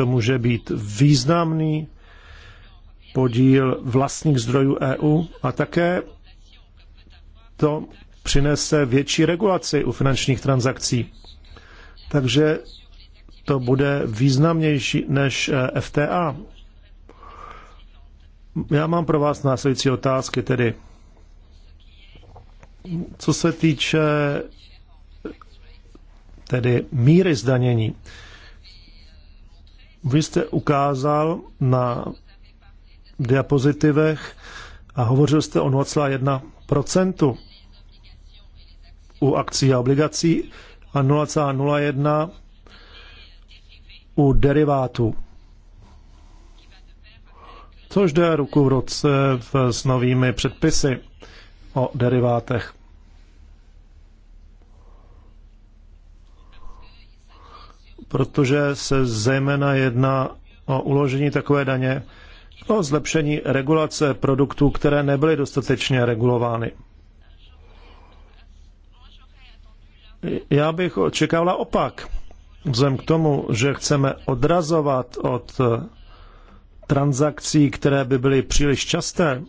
to může být významný podíl vlastních zdrojů EU a také to přinese větší regulaci u finančních transakcí. Takže to bude významnější než eh, FTA. Já mám pro vás následující otázky tedy. Co se týče tedy míry zdanění, vy jste ukázal na diapozitivech a hovořil jste o 0,1% u akcí a obligací a 0,01 u derivátů. Což jde ruku v roce s novými předpisy o derivátech. protože se zejména jedná o uložení takové daně, o zlepšení regulace produktů, které nebyly dostatečně regulovány. Já bych očekávala opak, vzhledem k tomu, že chceme odrazovat od transakcí, které by byly příliš časté,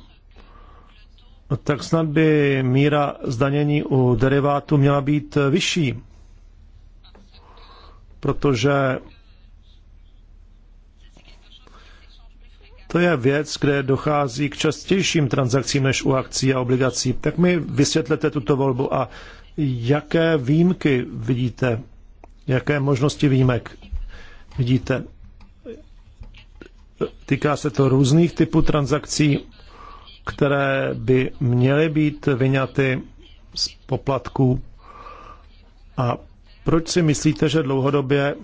tak snad by míra zdanění u derivátu měla být vyšší protože to je věc, kde dochází k častějším transakcím než u akcí a obligací. Tak mi vysvětlete tuto volbu a jaké výjimky vidíte, jaké možnosti výjimek vidíte. Týká se to různých typů transakcí, které by měly být vyňaty z poplatků a proč si myslíte, že dlouhodobě eh,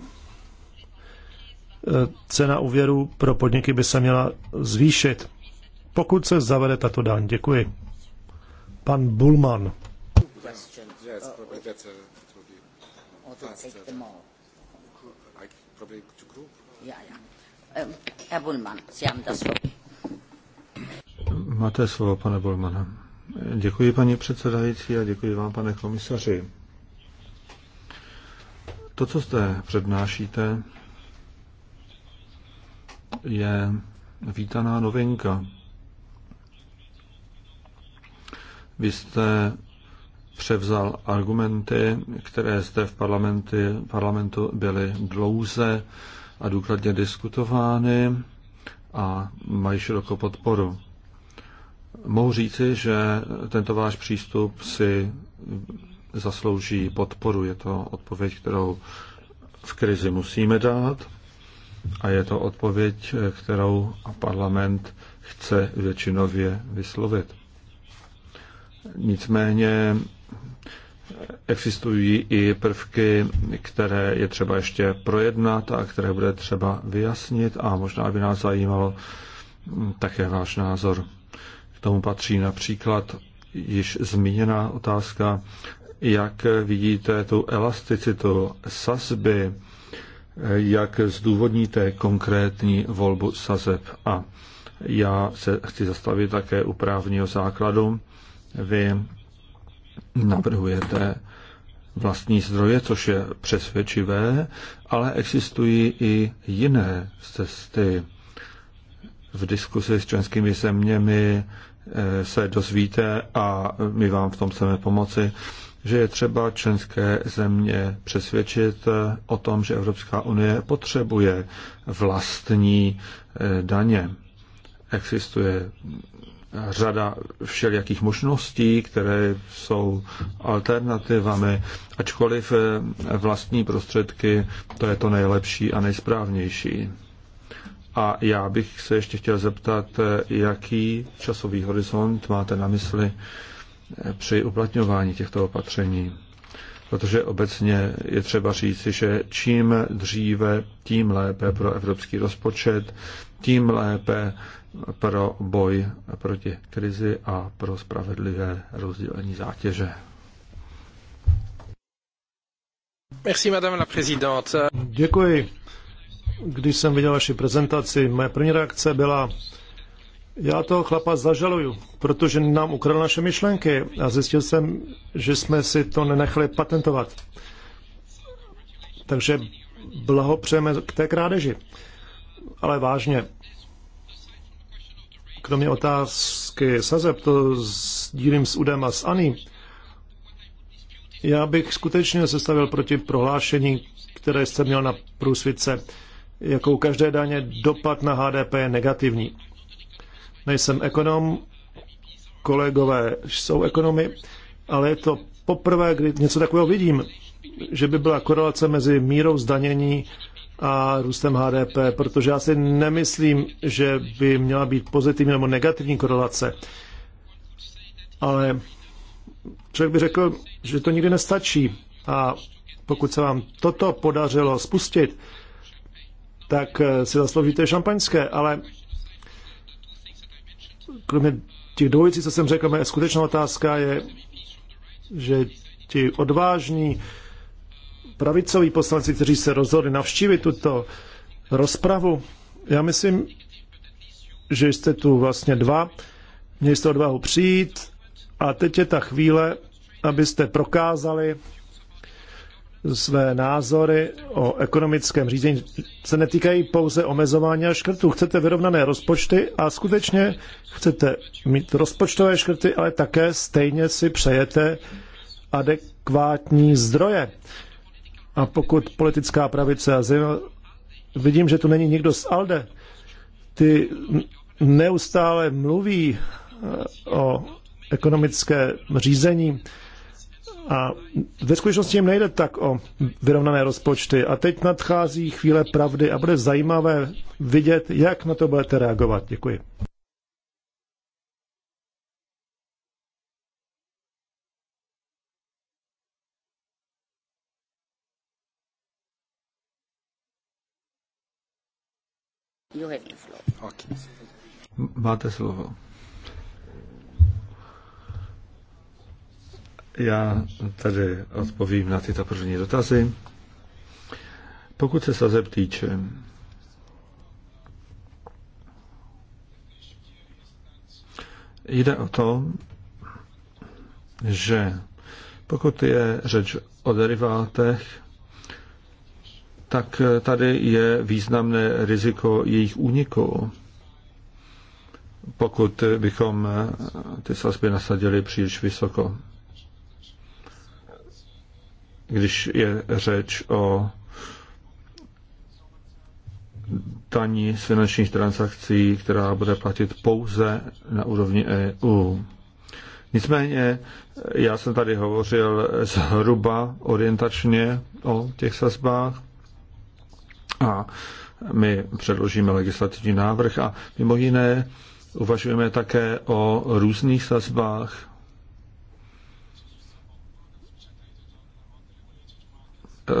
cena úvěru pro podniky by se měla zvýšit, pokud se zavede tato daň? Děkuji. Pan Bulman. Máte slovo, pane Bulmana. Děkuji, paní předsedající, a děkuji vám, pane komisaři. To, co zde přednášíte, je vítaná novinka. Vy jste převzal argumenty, které zde v parlamentu byly dlouze a důkladně diskutovány a mají širokou podporu. Mohu říci, že tento váš přístup si zaslouží podporu. Je to odpověď, kterou v krizi musíme dát a je to odpověď, kterou parlament chce většinově vyslovit. Nicméně existují i prvky, které je třeba ještě projednat a které bude třeba vyjasnit a možná by nás zajímalo také váš názor. K tomu patří například již zmíněná otázka jak vidíte tu elasticitu sazby, jak zdůvodníte konkrétní volbu sazeb. A já se chci zastavit také u právního základu. Vy navrhujete vlastní zdroje, což je přesvědčivé, ale existují i jiné cesty. V diskusi s členskými zeměmi eh, se dozvíte a my vám v tom chceme pomoci, že je třeba členské země přesvědčit o tom, že Evropská unie potřebuje vlastní eh, daně. Existuje řada všelijakých možností, které jsou alternativami, ačkoliv eh, vlastní prostředky to je to nejlepší a nejsprávnější. A já bych se ještě chtěl zeptat, eh, jaký časový horizont máte na mysli, při uplatňování těchto opatření. Protože obecně je třeba říci, že čím dříve, tím lépe pro evropský rozpočet, tím lépe pro boj proti krizi a pro spravedlivé rozdělení zátěže. Merci, madame la Děkuji. Když jsem viděl vaši prezentaci, moje první reakce byla, já toho chlapa zažaluju, protože nám ukradl naše myšlenky a zjistil jsem, že jsme si to nenechali patentovat. Takže blahopřejeme k té krádeži. Ale vážně, kromě otázky sazeb, to sdílím s Udem a s Aní, já bych skutečně sestavil proti prohlášení, které jste měl na průsvitce. Jako u každé daně, dopad na HDP je negativní. Nejsem ekonom, kolegové jsou ekonomy, ale je to poprvé, kdy něco takového vidím, že by byla korelace mezi mírou zdanění a růstem HDP, protože já si nemyslím, že by měla být pozitivní nebo negativní korelace. Ale člověk by řekl, že to nikdy nestačí. A pokud se vám toto podařilo spustit, tak si zasloužíte šampaňské, ale kromě těch dvojicí, co jsem řekl, moje skutečná otázka je, že ti odvážní pravicoví poslanci, kteří se rozhodli navštívit tuto rozpravu, já myslím, že jste tu vlastně dva, měli jste odvahu přijít a teď je ta chvíle, abyste prokázali, své názory o ekonomickém řízení se netýkají pouze omezování a škrtů. Chcete vyrovnané rozpočty a skutečně chcete mít rozpočtové škrty, ale také stejně si přejete adekvátní zdroje. A pokud politická pravice a zim, vidím, že tu není nikdo z ALDE, ty neustále mluví eh, o ekonomické řízení, a ve skutečnosti jim nejde tak o vyrovnané rozpočty. A teď nadchází chvíle pravdy a bude zajímavé vidět, jak na to budete reagovat. Děkuji. Máte slovo. Já tady odpovím na tyto první dotazy. Pokud se sazeb týče, jde o to, že pokud je řeč o derivátech, tak tady je významné riziko jejich úniku. Pokud bychom ty sazby nasadili příliš vysoko když je řeč o daní z finančních transakcí, která bude platit pouze na úrovni EU. Nicméně, já jsem tady hovořil zhruba orientačně o těch sazbách a my předložíme legislativní návrh a mimo jiné uvažujeme také o různých sazbách Eh,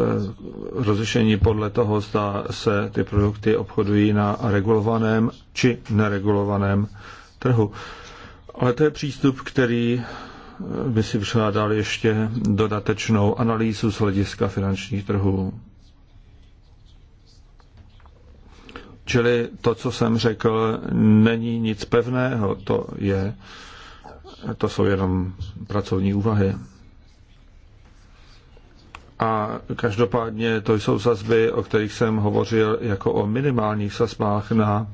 rozlišení podle toho, zda se ty produkty obchodují na regulovaném či neregulovaném trhu. Ale to je přístup, který eh, by si přádal ještě dodatečnou analýzu z hlediska finančních trhů. Čili to, co jsem řekl, není nic pevného, to, je, to jsou jenom pracovní úvahy. A každopádně to jsou sazby, o kterých jsem hovořil jako o minimálních sazbách na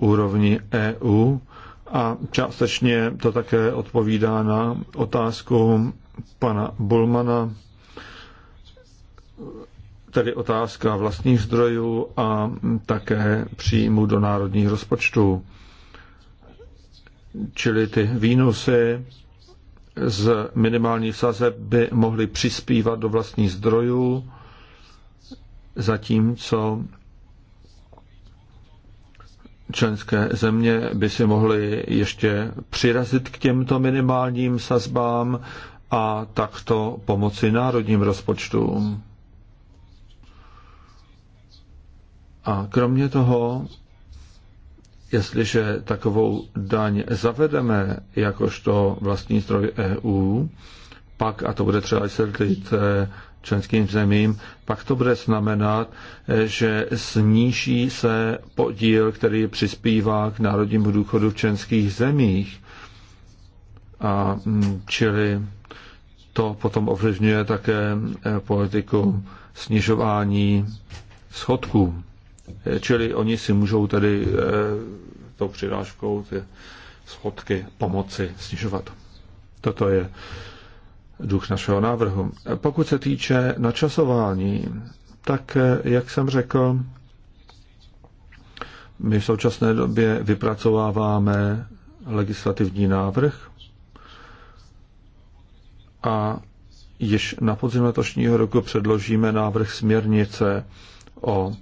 úrovni EU. A částečně to také odpovídá na otázku pana Bulmana, tedy otázka vlastních zdrojů a také příjmu do národních rozpočtů. Čili ty výnosy z minimálních sazeb by mohli přispívat do vlastních zdrojů, zatímco členské země by si mohly ještě přirazit k těmto minimálním sazbám a takto pomoci národním rozpočtům. A kromě toho Jestliže takovou daň zavedeme jakožto vlastní zdroj EU, pak, a to bude třeba vysvětlit eh, členským zemím, pak to bude znamenat, eh, že sníží se podíl, který přispívá k národnímu důchodu v členských zemích. A mm, čili to potom ovlivňuje také eh, politiku snižování schodků. Čili oni si můžou tedy eh, tou přirážkou ty schodky pomoci snižovat. Toto je duch našeho návrhu. Pokud se týče načasování, tak, eh, jak jsem řekl, my v současné době vypracováváme legislativní návrh a již na podzim letošního roku předložíme návrh směrnice o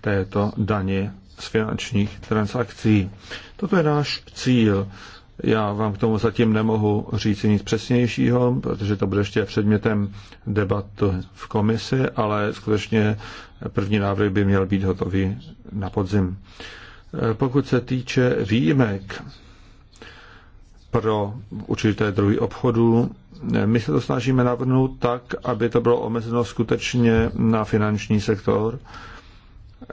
této daně z finančních transakcí. Toto je náš cíl. Já vám k tomu zatím nemohu říct nic přesnějšího, protože to bude ještě předmětem debat v komisi, ale skutečně první návrh by měl být hotový na podzim. Pokud se týče výjimek pro určité druhy obchodu, my se to snažíme navrhnout tak, aby to bylo omezeno skutečně na finanční sektor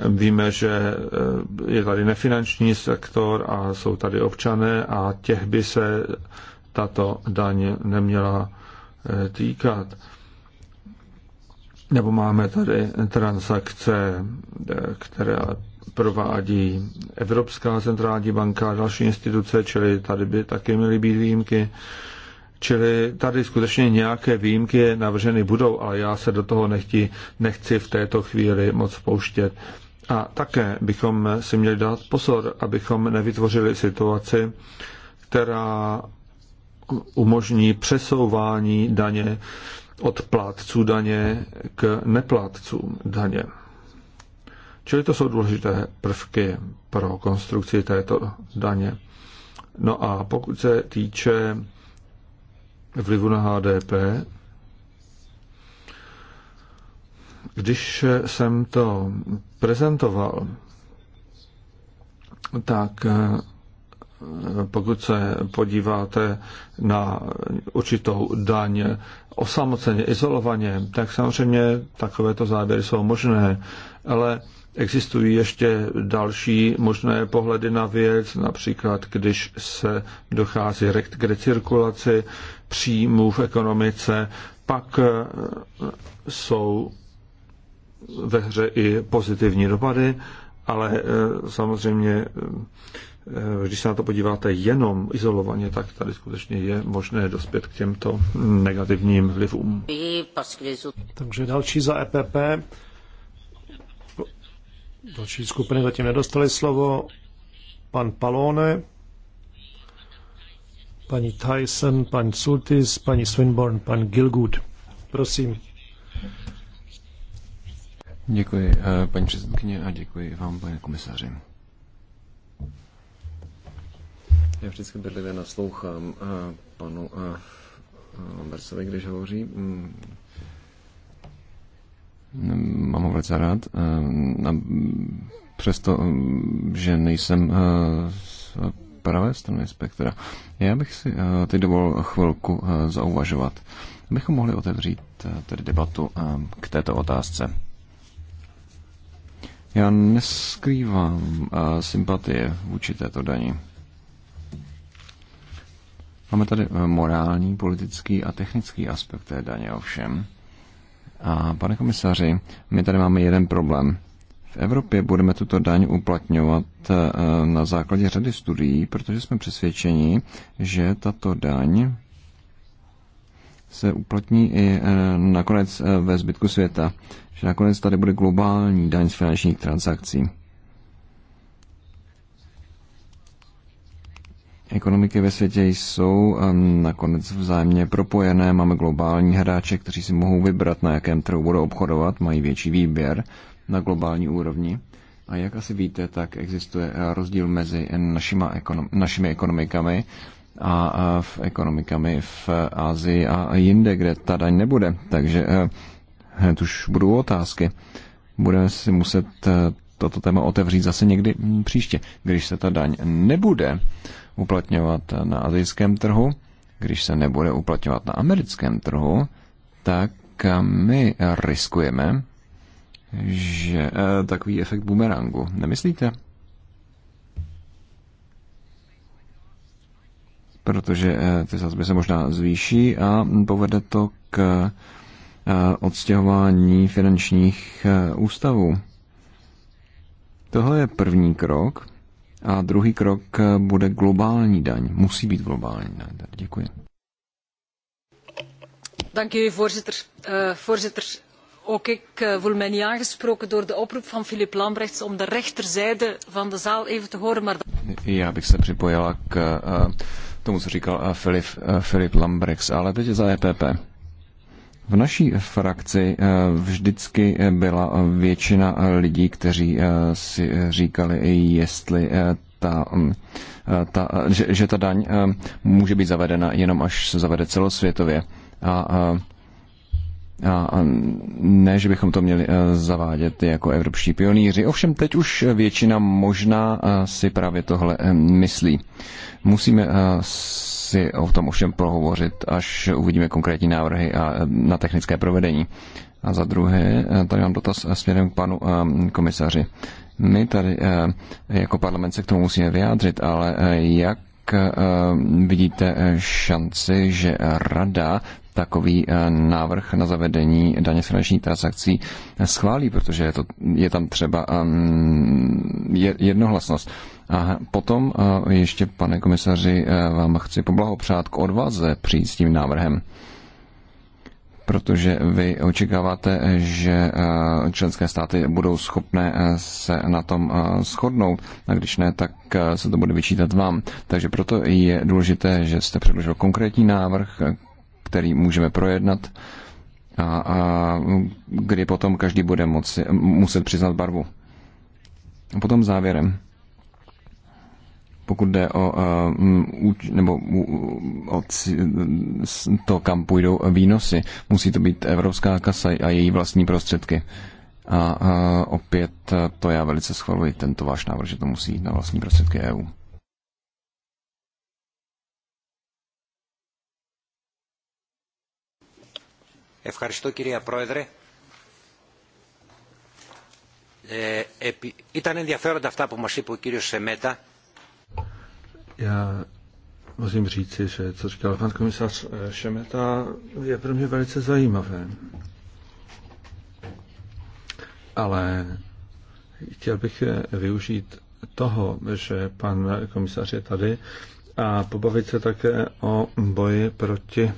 Víme, že eh, je tady nefinanční sektor a jsou tady občané a těch by se tato daň neměla eh, týkat. Nebo máme tady transakce, eh, které provádí Evropská centrální banka a další instituce, čili tady by taky měly být výjimky. Čili tady skutečně nějaké výjimky navrženy budou, ale já se do toho nechci, nechci v této chvíli moc pouštět. A také bychom si měli dát pozor, abychom nevytvořili situaci, která umožní přesouvání daně od plátců daně k neplátcům daně. Čili to jsou důležité prvky pro konstrukci této daně. No a pokud se týče vlivu na HDP. Když jsem to prezentoval, tak eh, pokud se podíváte na určitou daň osamoceně, izolovaně, tak samozřejmě takovéto záběry jsou možné, ale existují ještě další možné pohledy na věc, například když se dochází k recirkulaci, příjmů v ekonomice, pak eh, jsou ve hře i pozitivní dopady, ale eh, samozřejmě, eh, když se na to podíváte jenom izolovaně, tak tady skutečně je možné dospět k těmto negativním vlivům. Takže další za EPP. Další skupiny zatím nedostali slovo. Pan Palone paní Tyson, pan Sultis, paní Swinburne, pan Gilgood. Prosím. Děkuji, eh, paní předsedkyně, a děkuji vám, pane komisaři. Já vždycky bedlivě naslouchám eh, panu eh, Lambertsovi, když hovoří. Mm. Mm, mám ho velice rád. Přesto, mm, že nejsem pravé strany spektra. Já bych si eh, teď dovolil chvilku eh, zauvažovat, abychom mohli otevřít eh, tedy debatu k této otázce. Já neskrývám sympatie vůči této dani. Máme tady morální, politický a technický aspekt té daně ovšem. A pane komisaři, my tady máme jeden problém. V Evropě budeme tuto daň uplatňovat eh, na základě řady studií, protože jsme přesvědčeni, že tato daň se uplatní i eh, nakonec eh, ve zbytku světa, že nakonec tady bude globální daň z finančních transakcí. Ekonomiky ve světě jsou ehm, nakonec vzájemně propojené, máme globální hráče, kteří si mohou vybrat, na jakém trhu budou obchodovat, mají větší výběr, na globální úrovni. A jak asi víte, tak existuje rozdíl mezi našima ekonom- našimi ekonomikami a v ekonomikami v Asii a jinde, kde ta daň nebude. Takže eh, hned už budou otázky. Budeme si muset eh, toto téma otevřít zase někdy hm, příště, když se ta daň nebude uplatňovat na azijském trhu, když se nebude uplatňovat na americkém trhu, tak eh, my riskujeme, že eh, takový efekt bumerangu. Nemyslíte? Protože eh, ty sazby se možná zvýší a povede to k eh, odstěhování finančních ústavů. Tohle je první krok a druhý krok bude globální daň. Musí být globální daň. Děkuji. Dank voorzitter. Uh, voorzitter, Ook ik eh, voel mij niet aangesproken door de oproep van Filip Lambrechts om de rechterzijde van de zaal even te horen. Maar... Já bych se připojila k tomu, co říkal Filip, Filip Lambrechts, ale teď za EPP. V naší frakci eh, vždycky eh, byla většina lidí, kteří si říkali, jestli ta, mm, ta, že, že ta daň může být zavedena jenom až se zavede celosvětově. A a ne, že bychom to měli eh, zavádět jako evropští pionýři. Ovšem teď už většina možná eh, si právě tohle eh, myslí. Musíme si o tom ovšem prohovořit, až uvidíme konkrétní návrhy a na technické provedení. A za druhé, tady mám dotaz směrem k panu komisaři. My tady jako parlament se k tomu musíme vyjádřit, ale jak vidíte šanci, že rada takový eh, návrh na zavedení daně z finančních transakcí schválí, protože je, to, je tam třeba ehm, jednohlasnost. A potom eh, ještě, pane komisaři, eh, vám chci poblahopřát k odvaze přijít s tím návrhem protože vy očekáváte, že členské státy budou schopné se na tom shodnout, a když ne, tak se to bude vyčítat vám. Takže proto je důležité, že jste předložil konkrétní návrh, který můžeme projednat a, a kdy potom každý bude moci, muset přiznat barvu. A potom závěrem pokud jde o, nebo o to, kam půjdou výnosy. Musí to být evropská kasa a její vlastní prostředky. A opět to já velice schvaluji, tento váš návrh, že to musí jít na vlastní prostředky EU. Ευχαριστώ κυρία Πρόεδρε. Ε, επί... Ήταν ενδιαφέροντα αυτά που μας είπε ο κύριος Σεμέτα. Já musím říci, že co říkal pan komisař eh, Šemeta, je pro mě velice zajímavé. Ale chtěl bych eh, využít toho, že pan komisař je tady a pobavit se také o boji proti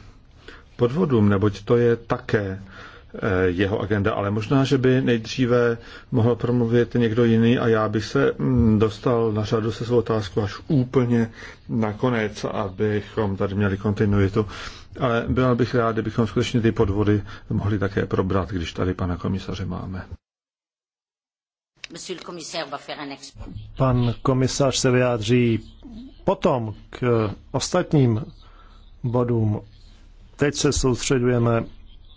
podvodům, neboť to je také eh, jeho agenda, ale možná, že by nejdříve mohl promluvit někdo jiný a já bych se mm, dostal na řadu se svou otázku až úplně nakonec, abychom tady měli kontinuitu. Ale byl bych rád, kdybychom skutečně ty podvody mohli také probrat, když tady pana komisaře máme. Pan komisař se vyjádří potom k ostatním bodům Teď se soustředujeme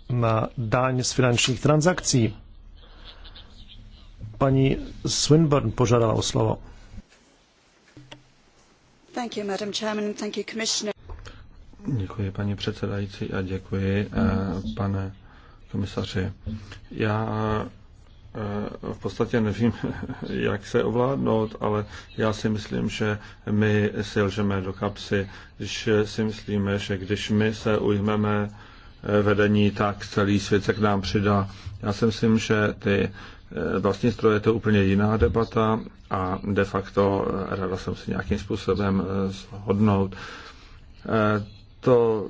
na daň z finančních transakcí. Paní Swinburne požádala o slovo. Thank you, Madam Chairman. Thank you, Commissioner. Děkuji, paní předsedající, a děkuji, eh, pane komisaři. Já Eh, v podstatě nevím, jak se ovládnout, ale já si myslím, že my si lžeme do kapsy, když si myslíme, že když my se ujmeme eh, vedení, tak celý svět se k nám přidá. Já si myslím, že ty eh, vlastní stroje to je úplně jiná debata a de facto rada jsem si nějakým způsobem zhodnout. To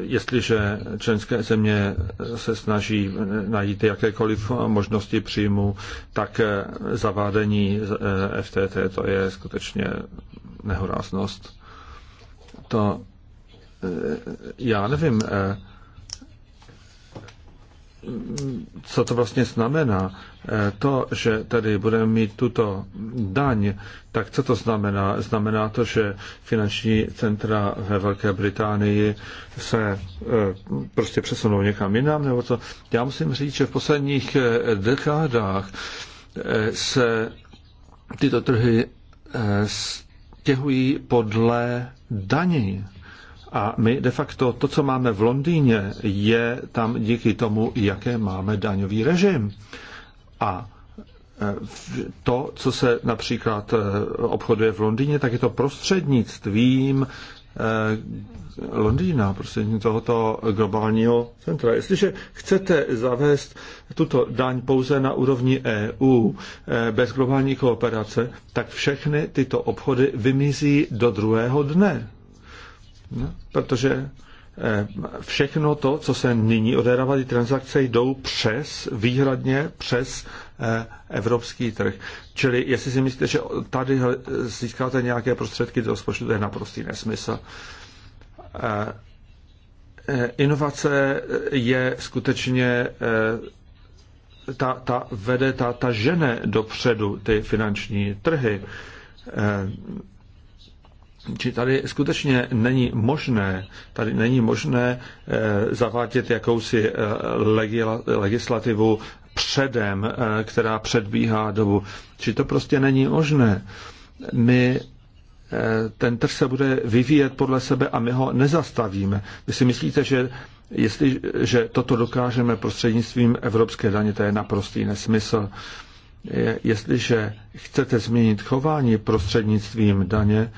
jestliže členské země se snaží najít jakékoliv možnosti příjmu, tak zavádění FTT to je skutečně nehoráznost. To já nevím, co to vlastně znamená, eh, to, že tady budeme mít tuto daň, tak co to znamená? Znamená to, že finanční centra ve Velké Británii se eh, prostě přesunou někam jinam, nebo co? Já musím říct, že v posledních eh, dekádách se tyto trhy stěhují podle daní. A my de facto to, co máme v Londýně, je tam díky tomu, jaké máme daňový režim. A e, to, co se například e, obchoduje v Londýně, tak je to prostřednictvím e, Londýna, prostřednictvím tohoto globálního centra. Jestliže chcete zavést tuto daň pouze na úrovni EU bez globální kooperace, tak všechny tyto obchody vymizí do druhého dne protože eh, všechno to, co se nyní odehrává, ty transakce jdou přes, výhradně přes eh, evropský trh. Čili jestli si myslíte, že tady získáte nějaké prostředky do rozpočtu, to je naprostý nesmysl. Eh, inovace je skutečně ta, ta vede, ta, ta žene dopředu ty finanční trhy či tady skutečně není možné, tady není možné eh, zavádět jakousi eh, legislativu předem, eh, která předbíhá dobu. Či to prostě není možné. My ten trh se bude vyvíjet podle sebe a my ho nezastavíme. Vy si myslíte, že jestli, že toto dokážeme prostřednictvím evropské daně, to je naprostý nesmysl. Jestliže chcete změnit chování prostřednictvím daně,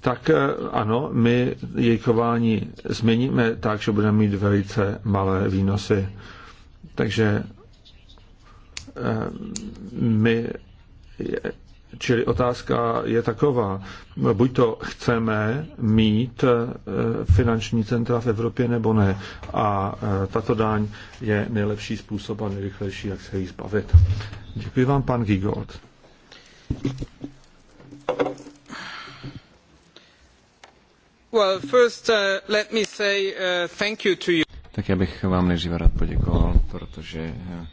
tak eh, ano, my jejich chování změníme tak, že budeme mít velice malé výnosy. Takže eh, my, čili otázka je taková, buď to chceme mít eh, finanční centra v Evropě nebo ne. A tato daň je nejlepší způsob a nejrychlejší, jak se jí zbavit. Děkuji vám, pan Gigot. Tak já bych vám nejdříve rád poděkoval, protože eh,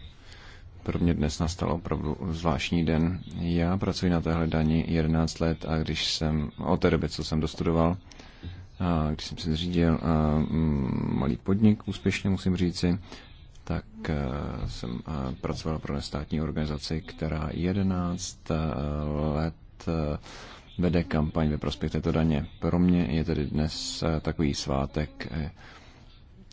pro mě dnes nastal opravdu zvláštní den. Já pracuji na téhle dani 11 let a když jsem, od té doby, co jsem dostudoval, a když jsem si zřídil mm, malý podnik, úspěšně musím říci, tak eh, jsem eh, pracoval pro nestátní organizaci, která 11 let vede kampaň ve prospěch této daně. Pro mě je tedy dnes eh, takový svátek. Eh,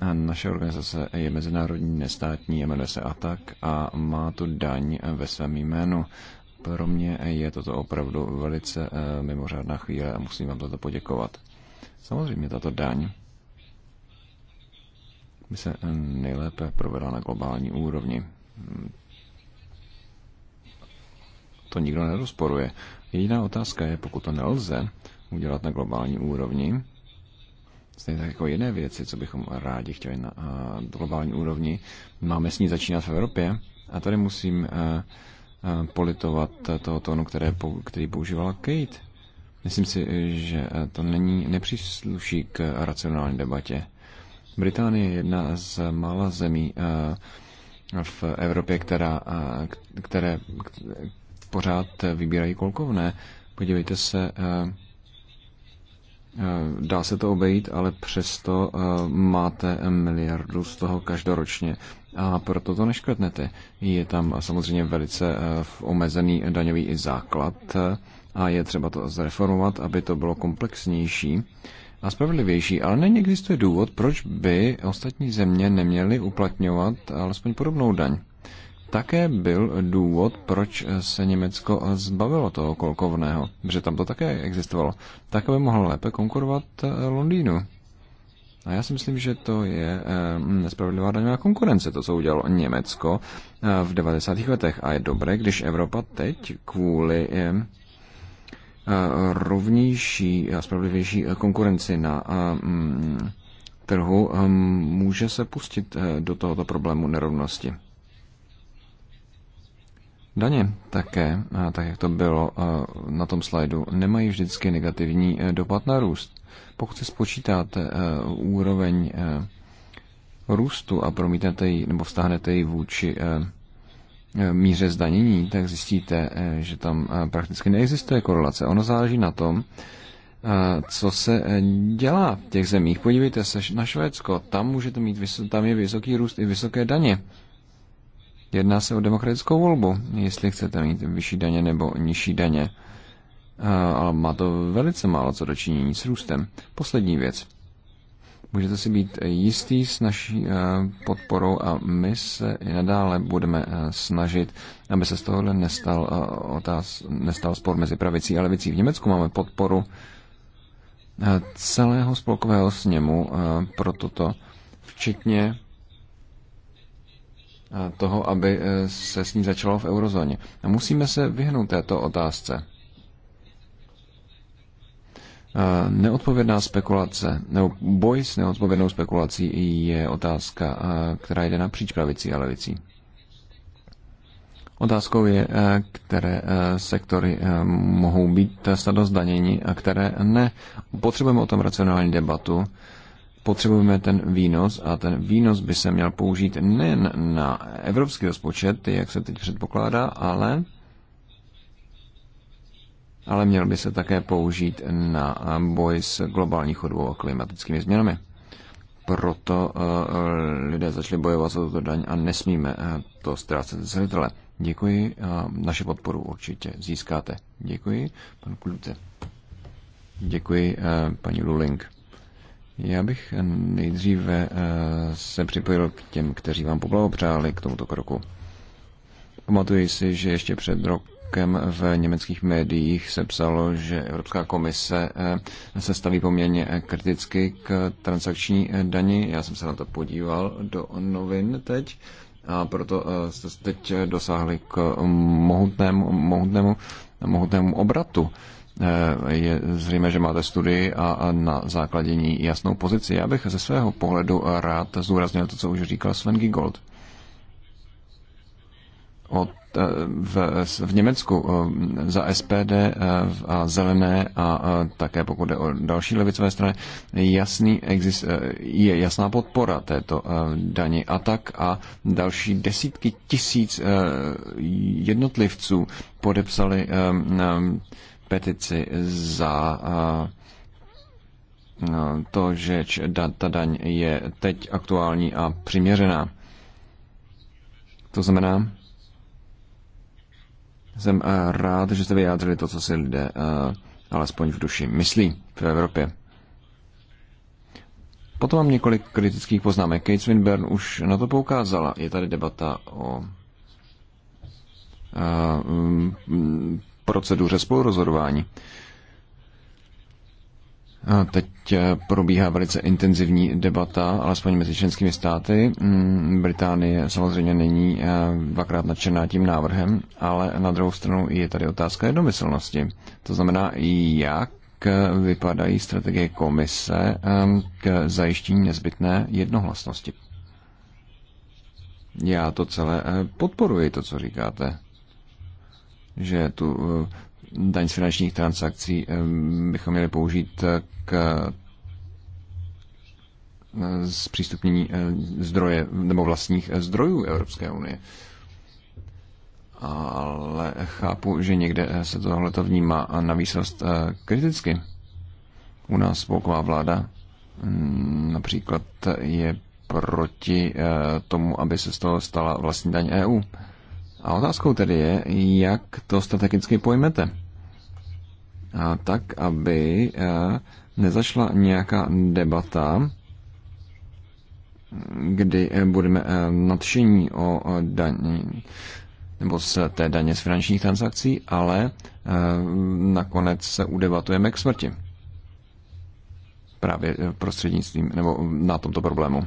a naše organizace je mezinárodní nestátní, jmenuje se ATAK a má tu daň eh, ve svém jménu. Pro mě je toto opravdu velice mimořádná chvíle a musím vám za to poděkovat. Samozřejmě tato daň by se nejlépe provedla na globální úrovni. To nikdo nerozporuje. Jediná otázka je, pokud to nelze udělat na globální úrovni, stejně tak jako jiné věci, co bychom rádi chtěli na globální úrovni, máme s ní začínat v Evropě. A tady musím politovat toho tónu, které, který používala Kate. Myslím si, že to není nepřísluší k racionální debatě. Británie je jedna z mála zemí v Evropě, která, které, pořád vybírají kolkovné. Podívejte se, eh, eh, dá se to obejít, ale přesto eh, máte miliardu z toho každoročně a proto to neškrtnete. Je tam samozřejmě velice omezený daňový základ a je třeba to zreformovat, aby to bylo komplexnější a spravedlivější, ale není existuje důvod, proč by ostatní země neměly uplatňovat alespoň podobnou daň také byl důvod, proč se Německo zbavilo toho kolkovného, že tam to také existovalo, tak aby mohlo lépe konkurovat eh, Londýnu. A já si myslím, že to je eh, nespravedlivá daňová konkurence, to, co udělalo Německo eh, v 90. letech. A je dobré, když Evropa teď kvůli rovnější a spravedlivější konkurenci na mm, trhu může se pustit do tohoto problému nerovnosti. Daně také, tak jak to bylo na tom slajdu, nemají vždycky negativní e, dopad na růst. Pokud si spočítáte e, úroveň e, růstu a promítnete ji nebo vztáhnete ji vůči míře zdanění, tak zjistíte, že tam prakticky neexistuje korelace. Ono záleží na tom, co se dělá v těch zemích. Podívejte se na Švédsko, tam můžete mít, tam je vysoký růst i vysoké daně. Jedná se o demokratickou volbu, jestli chcete mít vyšší daně nebo nižší daně. Ale má to velice málo co dočinění s růstem. Poslední věc. Můžete si být jistý s naší e, podporou a my se i nadále budeme e, snažit, aby se z tohohle nestal, e, otáz, nestal spor mezi pravicí a levicí. V Německu máme podporu celého spolkového sněmu pro toto, včetně toho, aby eh, se s ní začalo v eurozóně. A musíme se vyhnout této otázce. Neodpovědná spekulace, nebo boj s neodpovědnou spekulací je otázka, eh, která jde napříč pravicí a levicí. Otázkou je, eh, které sektory mohou být snadno zdanění a které ne. Potřebujeme o tom racionální debatu potřebujeme ten výnos a ten výnos by se měl použít nejen na evropský rozpočet, jak se teď předpokládá, ale ale měl by se také použít na boj s globální chodbou a klimatickými změnami. Proto eh, lidé začali bojovat za tuto daň a nesmíme eh, to ztrácet ze zřetele. Děkuji a naše podporu určitě získáte. Děkuji, pan Kluce. Děkuji, eh, paní Luling. Já bych nejdříve eh, se připojil k těm, kteří vám poblahopřáli k tomuto kroku. Pamatuji si, že ještě před rokem v německých médiích se psalo, že Evropská komise eh, se staví poměrně eh, kriticky k transakční dani. Já jsem se na to podíval do novin teď a proto jste teď dosáhli k mohutnému, mohutnému, mohutnému obratu Eh, je zřejmé, že máte studii a na základě ní jasnou pozici. Já bych ze svého pohledu rád zúraznil to, co už říkal Sven Gigold. Od, eh, v, v Německu eh, za SPD a zelené a také pokud jde o další levicové strany, jasný, je jasná podpora této daně a tak a další desítky tisíc jednotlivců podepsali petici za eh, to, že ta daň je teď aktuální a přiměřená. To znamená, jsem eh, rád, že jste vyjádřili to, co si lidé eh, alespoň v duši myslí v Evropě. Potom mám několik kritických poznámek. Kate Swinburne už na to poukázala. Je tady debata o proceduře spolurozhodování. Teď eh, probíhá velice intenzivní debata, alespoň mezi členskými státy. Mm, Británie samozřejmě není eh, dvakrát nadšená tím návrhem, ale na druhou stranu je tady otázka jednomyslnosti. To znamená, jak eh, vypadají strategie komise k zajištění nezbytné jednohlasnosti. Já to celé podporuji, to, co říkáte že tu eh, daň z finančních transakcí eh, bychom měli použít eh, k zpřístupnění zdroje nebo vlastních zdrojů Evropské unie. Ale chápu, že někde se tohle to vnímá a na výsost kriticky. U nás spolková vláda mm, například je proti tomu, aby se z toho stala vlastní daň EU. A otázkou tedy je, jak to strategicky pojmete. A tak, aby eh, nezašla nějaká debata, kdy eh, budeme eh, nadšení o daní nebo z té daně z finančních transakcí, ale nakonec se udebatujeme k smrti. Právě prostřednictvím nebo na tomto problému.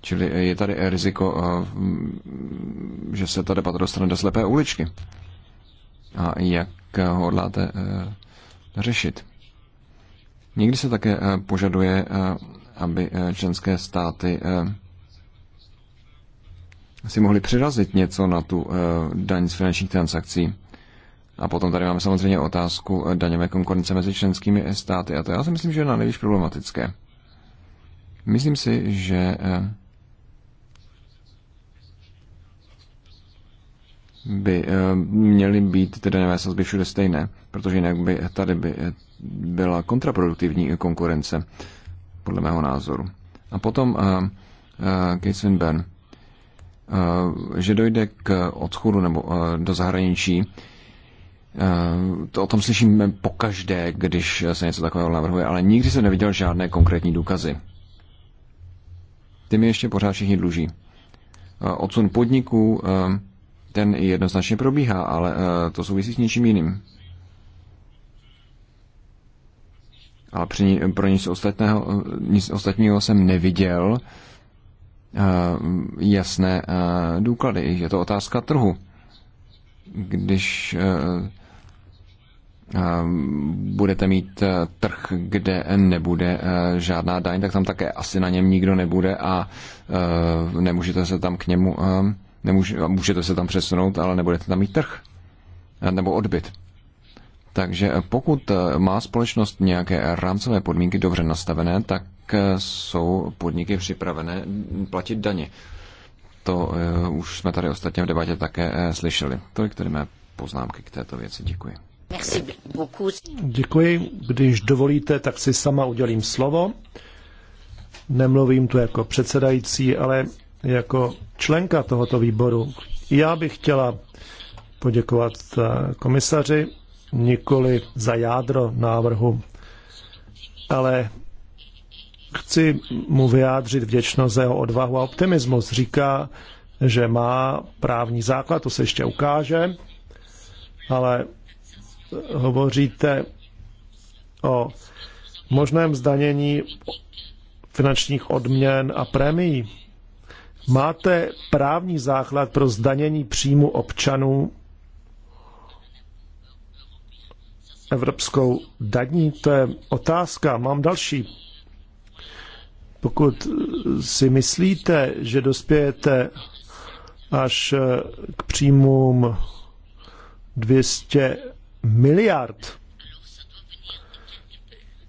Čili je tady riziko, eh, že se ta debata dostane do slepé uličky. A jak ho hodláte eh, řešit? Někdy se také eh, požaduje, aby členské státy si mohli přirazit něco na tu daň z finančních transakcí. A potom tady máme samozřejmě otázku daňové konkurence mezi členskými státy. A to já si myslím, že je na nejvíc problematické. Myslím si, že by eh, měly být ty daňové sazby všude stejné, protože jinak by tady by eh, byla kontraproduktivní konkurence, podle mého názoru. A potom eh, Kate Swinburne, že dojde k odchodu nebo do zahraničí, to o tom slyšíme pokaždé, když se něco takového navrhuje, ale nikdy jsem neviděl žádné konkrétní důkazy. Ty mi ještě pořád všichni dluží. Odsun podniků, ten jednoznačně probíhá, ale eh, to souvisí s něčím jiným. Ale při, pro nic, ostatného, eh, nic ostatního jsem neviděl eh, jasné důklady. Je to otázka trhu. Když budete mít trh, kde nebude žádná daň, tak tam také asi na něm nikdo nebude a nemůžete se tam k němu Nemůže, můžete se tam přesunout, ale nebudete tam mít trh eh, nebo odbyt. Takže eh, pokud eh, má společnost nějaké rámcové podmínky dobře nastavené, tak jsou podniky připravené platit daně. To už jsme tady ostatně v debatě také slyšeli. Tolik tedy mé poznámky k této věci. Děkuji. Děkuji. Když dovolíte, tak si sama udělím slovo. Nemluvím tu jako předsedající, ale jako členka tohoto výboru. Já bych chtěla poděkovat eh, komisaři nikoli za jádro návrhu, ale chci mu vyjádřit vděčnost za jeho odvahu a optimismus. Říká, že má právní základ, to se ještě ukáže, ale hovoříte o možném zdanění finančních odměn a prémií máte právní základ pro zdanění příjmu občanů evropskou daní? To je otázka. Mám další. Pokud si myslíte, že dospějete až k příjmům 200 miliard,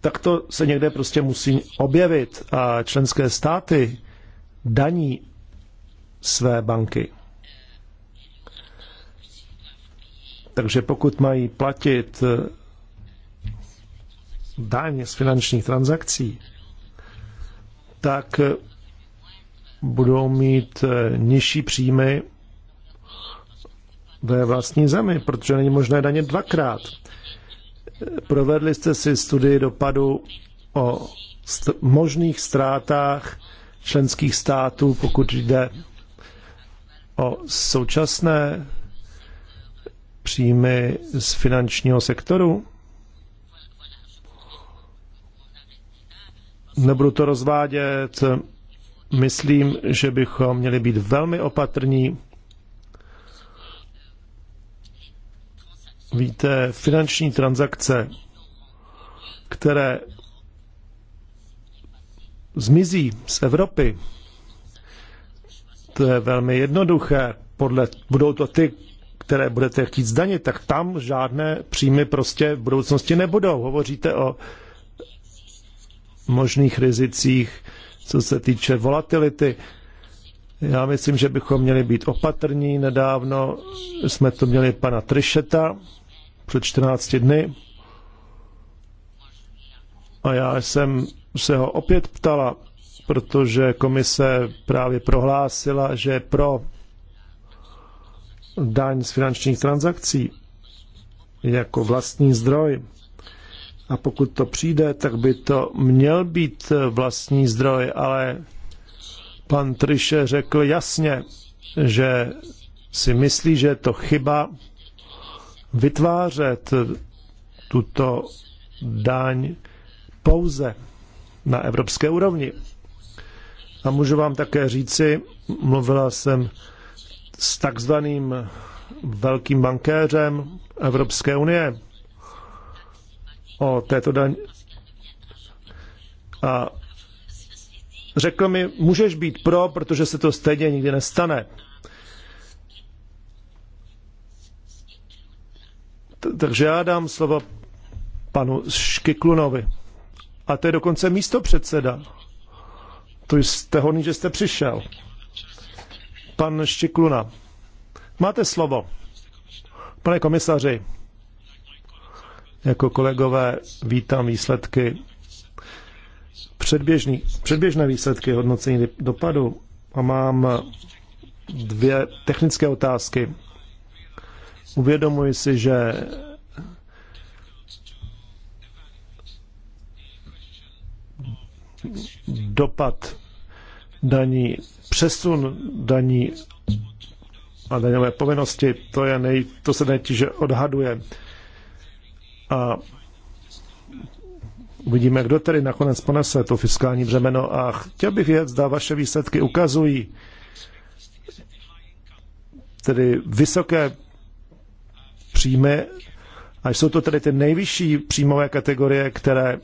tak to se někde prostě musí objevit a členské státy daní své banky. Takže pokud mají platit eh, daň z finančních transakcí, tak eh, budou mít eh, nižší příjmy ve vlastní zemi, protože není možné danit dvakrát. Provedli jste si studii dopadu o st- možných ztrátách členských států, pokud jde o současné příjmy z finančního sektoru? Nebudu to rozvádět. Myslím, že bychom měli být velmi opatrní. Víte, finanční transakce, které zmizí z Evropy, to je velmi jednoduché. Podle, budou to ty, které budete chtít zdanit, tak tam žádné příjmy prostě v budoucnosti nebudou. Hovoříte o možných rizicích, co se týče volatility. Já myslím, že bychom měli být opatrní. Nedávno jsme to měli pana Trišeta před 14 dny. A já jsem se ho opět ptala, protože komise právě prohlásila, že pro daň z finančních transakcí jako vlastní zdroj. A pokud to přijde, tak by to měl být vlastní zdroj, ale pan Triše řekl jasně, že si myslí, že je to chyba vytvářet tuto daň pouze na evropské úrovni. A můžu vám také říci, mluvila jsem s takzvaným velkým bankéřem Evropské unie o této daň. A řekl mi, můžeš být pro, protože se to stejně nikdy nestane. Takže já dám slovo panu Škiklunovi. A to je dokonce místo předseda to jste hodný, že jste přišel. Pan Štikluna, máte slovo. Pane komisaři, jako kolegové vítám výsledky předběžný, předběžné výsledky hodnocení dopadu a mám dvě technické otázky. Uvědomuji si, že dopad daní, přesun daní a daňové povinnosti, to, je nej, to se nejtíže odhaduje. A uvidíme, kdo tedy nakonec ponese to fiskální břemeno. A chtěl bych věc, zda vaše výsledky ukazují tedy vysoké příjmy, a jsou to tedy ty nejvyšší příjmové kategorie, které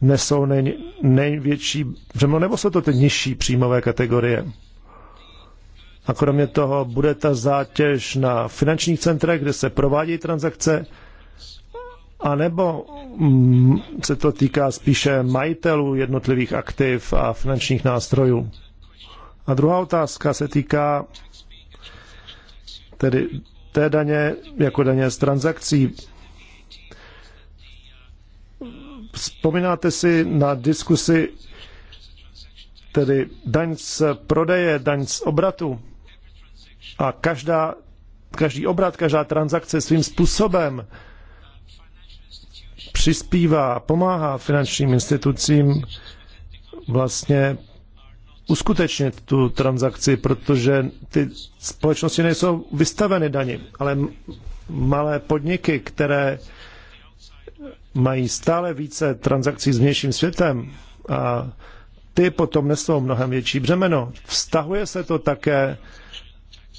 nesou nej, největší břemno, nebo jsou to ty nižší příjmové kategorie? A kromě toho bude ta zátěž na finančních centrech, kde se provádějí transakce, anebo mm, se to týká spíše majitelů jednotlivých aktiv a finančních nástrojů? A druhá otázka se týká tedy té daně jako daně z transakcí. Vzpomínáte si na diskusi tedy daň z prodeje, daň z obratu a každá, každý obrat, každá transakce svým způsobem přispívá, pomáhá finančním institucím vlastně uskutečnit tu transakci, protože ty společnosti nejsou vystaveny daním, ale malé podniky, které mají stále více transakcí s vnějším světem a ty potom nesou mnohem větší břemeno. Vztahuje se to také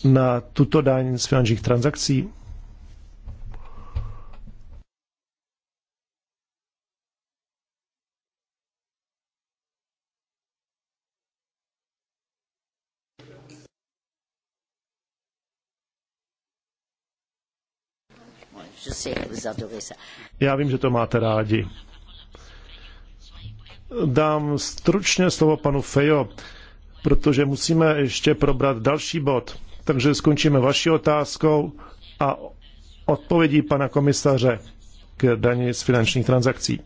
na tuto daň z finančních transakcí? Já vím, že to máte rádi. Dám stručně slovo panu Fejo, protože musíme ještě probrat další bod. Takže skončíme vaší otázkou a odpovědí pana komisaře k daní z finančních transakcí.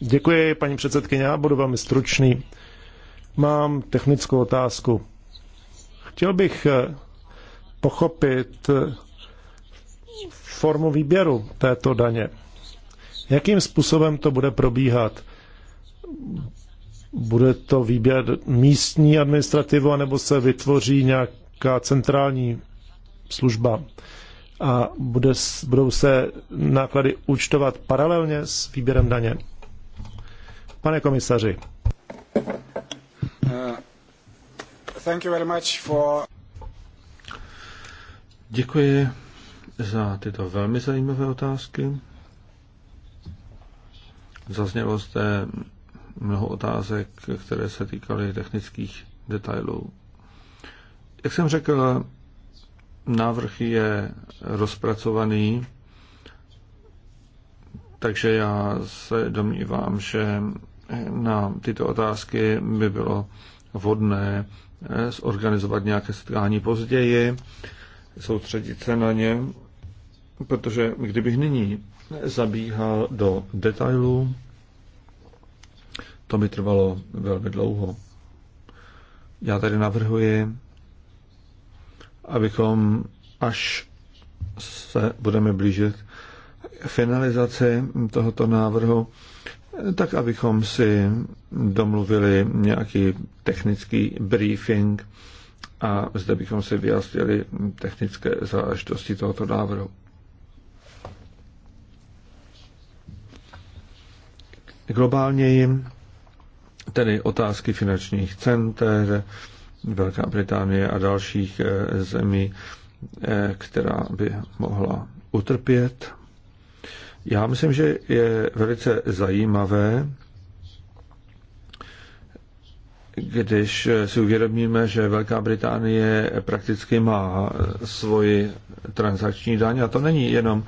Děkuji, paní předsedkyně, já budu velmi stručný. Mám technickou otázku. Chtěl bych pochopit formu výběru této daně. Jakým způsobem to bude probíhat? Bude to výběr místní administrativu, anebo se vytvoří nějaká centrální služba? A bude, budou se náklady účtovat paralelně s výběrem daně? Pane komisaři. Uh, thank you very much for... Děkuji za tyto velmi zajímavé otázky. Zaznělo zde mnoho otázek, které se týkaly technických detailů. Jak jsem řekl, návrh je rozpracovaný, takže já se domnívám, že na tyto otázky by bylo vhodné zorganizovat nějaké setkání později soustředit se na ně, protože kdybych nyní zabíhal do detailů, to by trvalo velmi dlouho. Já tady navrhuji, abychom až se budeme blížit finalizaci tohoto návrhu, tak abychom si domluvili nějaký technický briefing a zde bychom si vyjasnili technické záležitosti tohoto návrhu. Globálněji tedy otázky finančních center, Velká Británie a dalších eh, zemí, eh, která by mohla utrpět. Já myslím, že je velice zajímavé, když si uvědomíme, že Velká Británie prakticky má svoji transakční daň a to není jenom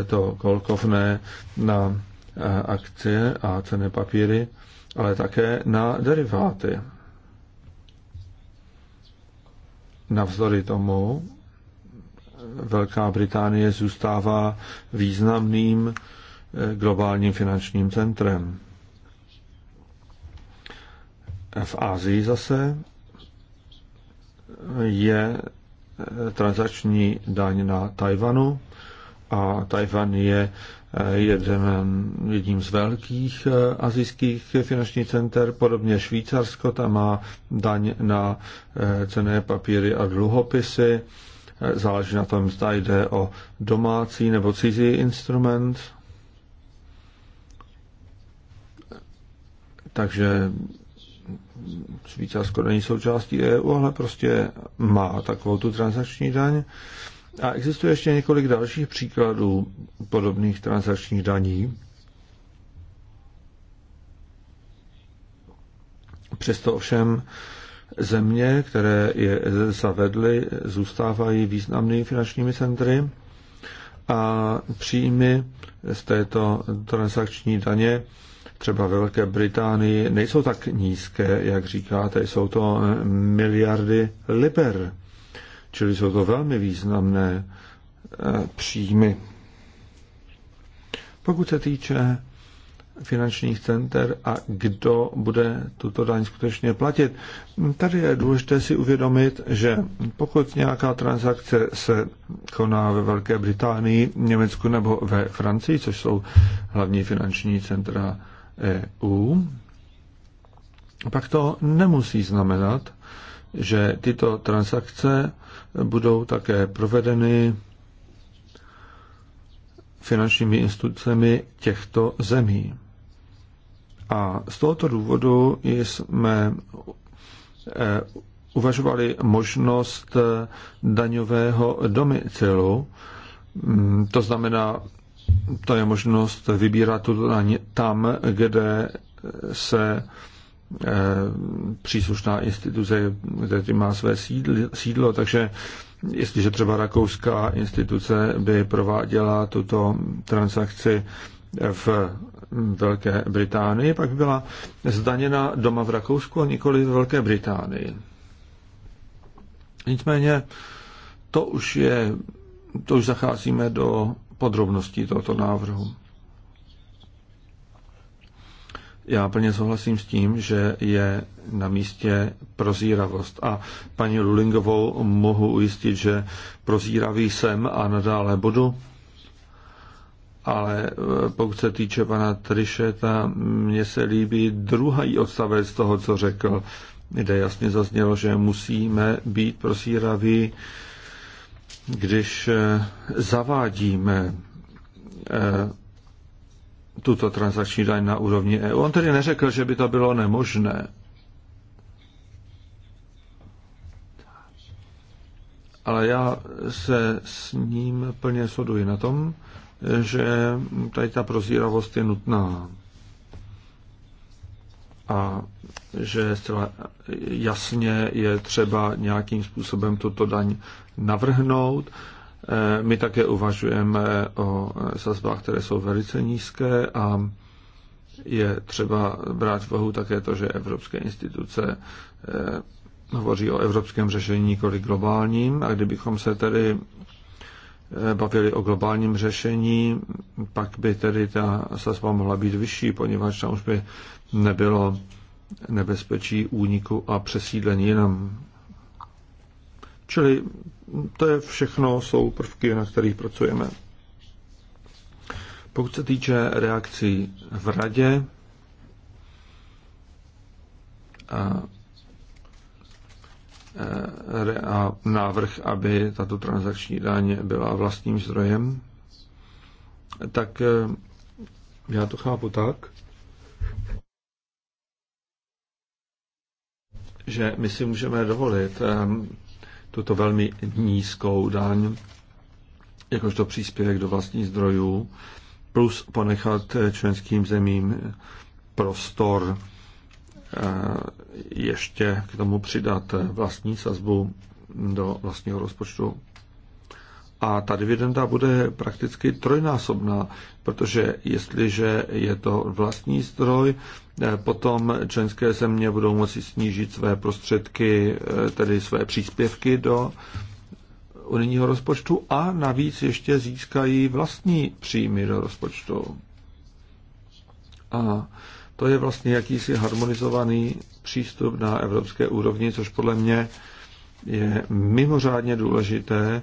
eh, to kolkovné na eh, akcie a cené papíry, ale také na deriváty. Navzdory tomu Velká Británie zůstává významným eh, globálním finančním centrem. V Ázii zase je eh, transakční daň na Tajvanu a Tajvan je eh, jeden, jedním z velkých eh, azijských finančních center, podobně Švýcarsko, tam má daň na cené papíry a dluhopisy, záleží na tom, zda jde o domácí nebo cizí instrument. Takže Švýcarsko není součástí EU, ale prostě má takovou tu transakční daň. A existuje ještě několik dalších příkladů podobných transakčních daní. Přesto ovšem země, které je zavedly, zůstávají významnými finančními centry a příjmy z této transakční daně třeba ve Velké Británii, nejsou tak nízké, jak říkáte, jsou to miliardy liber, čili jsou to velmi významné eh, příjmy. Pokud se týče finančních center a kdo bude tuto daň skutečně platit. Tady je důležité si uvědomit, že pokud nějaká transakce se koná ve Velké Británii, Německu nebo ve Francii, což jsou hlavní finanční centra EU, pak to nemusí znamenat, že tyto transakce budou také provedeny finančními institucemi těchto zemí. A z tohoto důvodu jsme e, uvažovali možnost daňového domicilu, mm, to znamená to je možnost vybírat tu daň tam, kde se eh, příslušná instituce, kde má své sídlo, takže jestliže třeba rakouská instituce by prováděla tuto transakci v Velké Británii, pak by byla zdaněna doma v Rakousku a nikoli v Velké Británii. Nicméně to už je, to už zacházíme do podrobností tohoto návrhu. Já plně souhlasím s tím, že je na místě prozíravost. A paní Lulingovou mohu ujistit, že prozíravý jsem a nadále budu. Ale e, pokud se týče pana Trišeta, mně se líbí druhý odstavec toho, co řekl, kde jasně zaznělo, že musíme být prozíraví když eh, zavádíme eh, tuto transakční daň na úrovni EU, on tedy neřekl, že by to bylo nemožné. Ale já se s ním plně soduji na tom, že tady ta prozíravost je nutná a že jasně je třeba nějakým způsobem tuto daň navrhnout. Eh, my také uvažujeme o eh, sazbách, které jsou velice nízké a je třeba brát v úvahu také to, že evropské instituce eh, hovoří o evropském řešení, nikoli globálním. A kdybychom se tedy bavili o globálním řešení, pak by tedy ta sazba mohla být vyšší, poněvadž tam už by nebylo nebezpečí úniku a přesídlení jenom. Čili to je všechno, jsou prvky, na kterých pracujeme. Pokud se týče reakcí v radě, a, e, a návrh, aby tato transakční daň byla vlastním zdrojem, tak e, já to chápu tak, že my si můžeme dovolit e, tuto velmi nízkou daň jakožto příspěvek do vlastních zdrojů, plus ponechat členským zemím prostor eh, ještě k tomu přidat vlastní sazbu do vlastního rozpočtu. A ta dividenda bude prakticky trojnásobná, protože jestliže je to vlastní zdroj, eh, potom členské země budou moci snížit své prostředky, eh, tedy své příspěvky do unijního rozpočtu a navíc ještě získají vlastní příjmy do rozpočtu. A to je vlastně jakýsi harmonizovaný přístup na evropské úrovni, což podle mě je mimořádně důležité,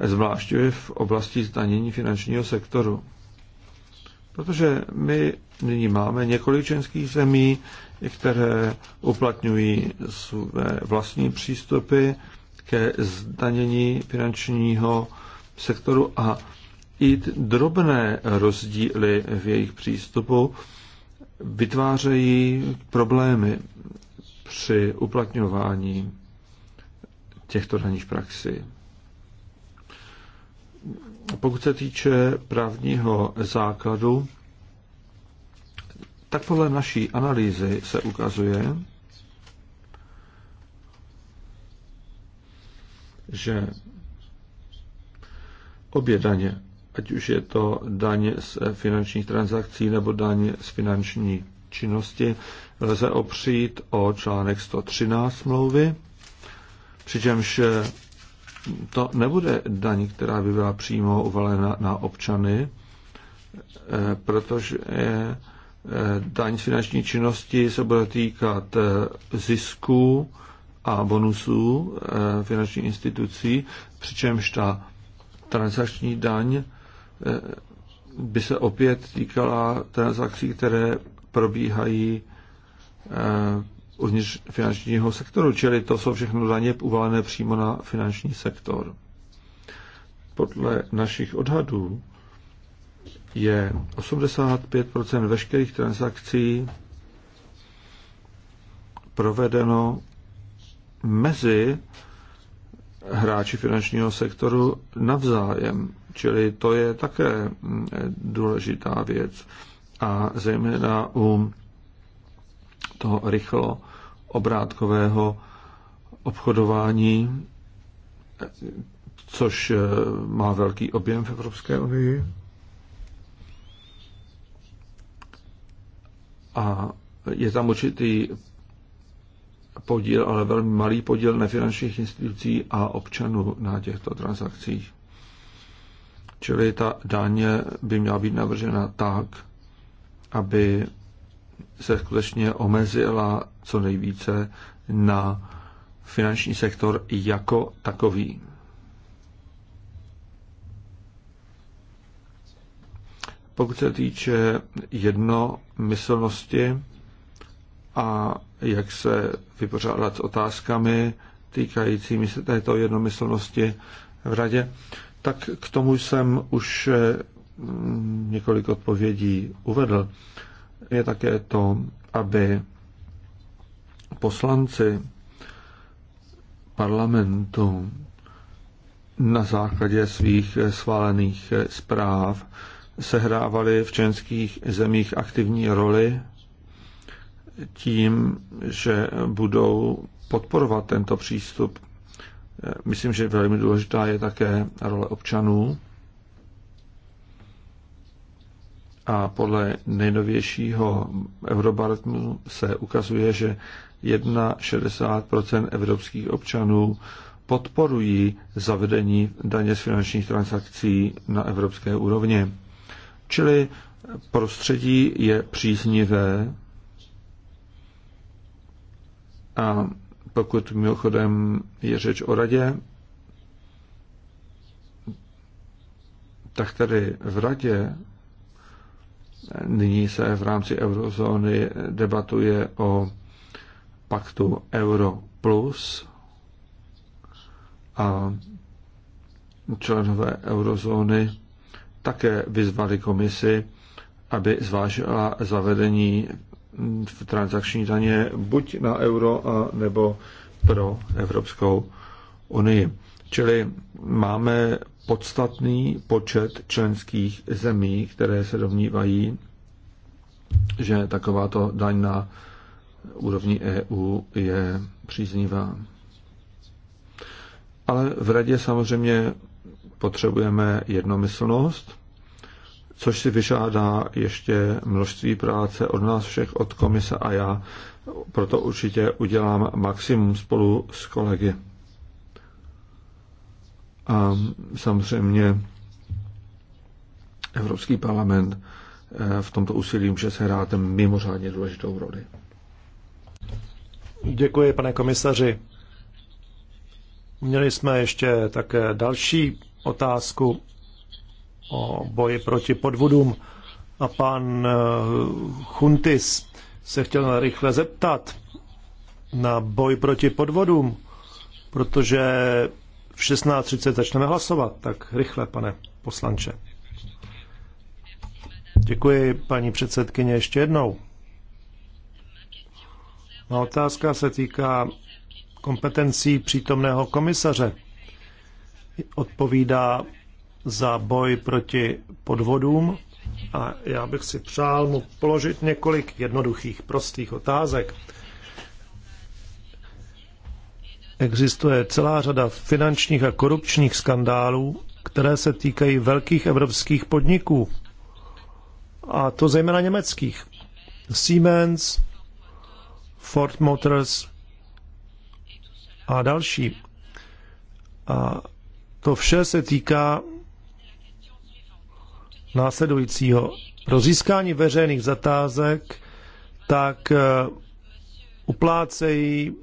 zvláště v oblasti zdanění finančního sektoru. Protože my nyní máme několik členských zemí, které uplatňují své vlastní přístupy ke zdanění finančního sektoru a i drobné rozdíly v jejich přístupu vytvářejí problémy při uplatňování těchto daných praxí. Pokud se týče právního základu, tak podle naší analýzy se ukazuje, že obě daně, ať už je to daně z finančních transakcí nebo daně z finanční činnosti, lze opřít o článek 113 smlouvy, přičemž to nebude daní, která by byla přímo uvalena na občany, eh, protože eh, daň z finanční činnosti se bude týkat eh, zisku a bonusů finanční institucí, přičemž ta transakční daň by se opět týkala transakcí, které probíhají uvnitř finančního sektoru, čili to jsou všechno daně uvalené přímo na finanční sektor. Podle našich odhadů je 85 veškerých transakcí provedeno mezi hráči finančního sektoru navzájem. Čili to je také mm, důležitá věc. A zejména u toho rychlo obrátkového obchodování, což eh, má velký objem v Evropské unii. A je tam určitý podíl, ale velmi malý podíl nefinančních institucí a občanů na těchto transakcích. Čili ta daně by měla být navržena tak, aby se skutečně omezila co nejvíce na finanční sektor jako takový. Pokud se týče jednomyslnosti a jak se vypořádat s otázkami týkajícími se této jednomyslnosti v radě, tak k tomu jsem už eh, několik odpovědí uvedl je také to, aby poslanci parlamentu na základě svých schválených zpráv sehrávali v členských zemích aktivní roli tím, že budou podporovat tento přístup. Myslím, že velmi důležitá je také role občanů A podle nejnovějšího Eurobarometru se ukazuje, že 61 evropských občanů podporují zavedení daně z finančních transakcí na evropské úrovni. Čili prostředí je příznivé a pokud mimochodem je řeč o radě, tak tady v radě Nyní se v rámci eurozóny debatuje o paktu Euro Plus a členové eurozóny také vyzvali komisi, aby zvážila zavedení v transakční daně buď na euro a nebo pro Evropskou unii. Čili máme podstatný počet členských zemí, které se domnívají, že takováto daň na úrovni EU je příznivá. Ale v radě samozřejmě potřebujeme jednomyslnost, což si vyžádá ještě množství práce od nás všech, od komise a já. Proto určitě udělám maximum spolu s kolegy. A samozřejmě Evropský parlament eh, v tomto úsilí může se hrát mimořádně důležitou roli. Děkuji, pane komisaři. Měli jsme ještě také další otázku o boji proti podvodům a pan eh, Chuntis se chtěl rychle zeptat na boj proti podvodům, protože v 16.30 začneme hlasovat. Tak rychle, pane poslanče. Děkuji, paní předsedkyně, ještě jednou. Má otázka se týká kompetencí přítomného komisaře. Odpovídá za boj proti podvodům a já bych si přál mu položit několik jednoduchých, prostých otázek. Existuje celá řada finančních a korupčních skandálů, které se týkají velkých evropských podniků, a to zejména německých. Siemens, Ford Motors a další. A to vše se týká následujícího. Pro získání veřejných zatázek tak eh, uplácejí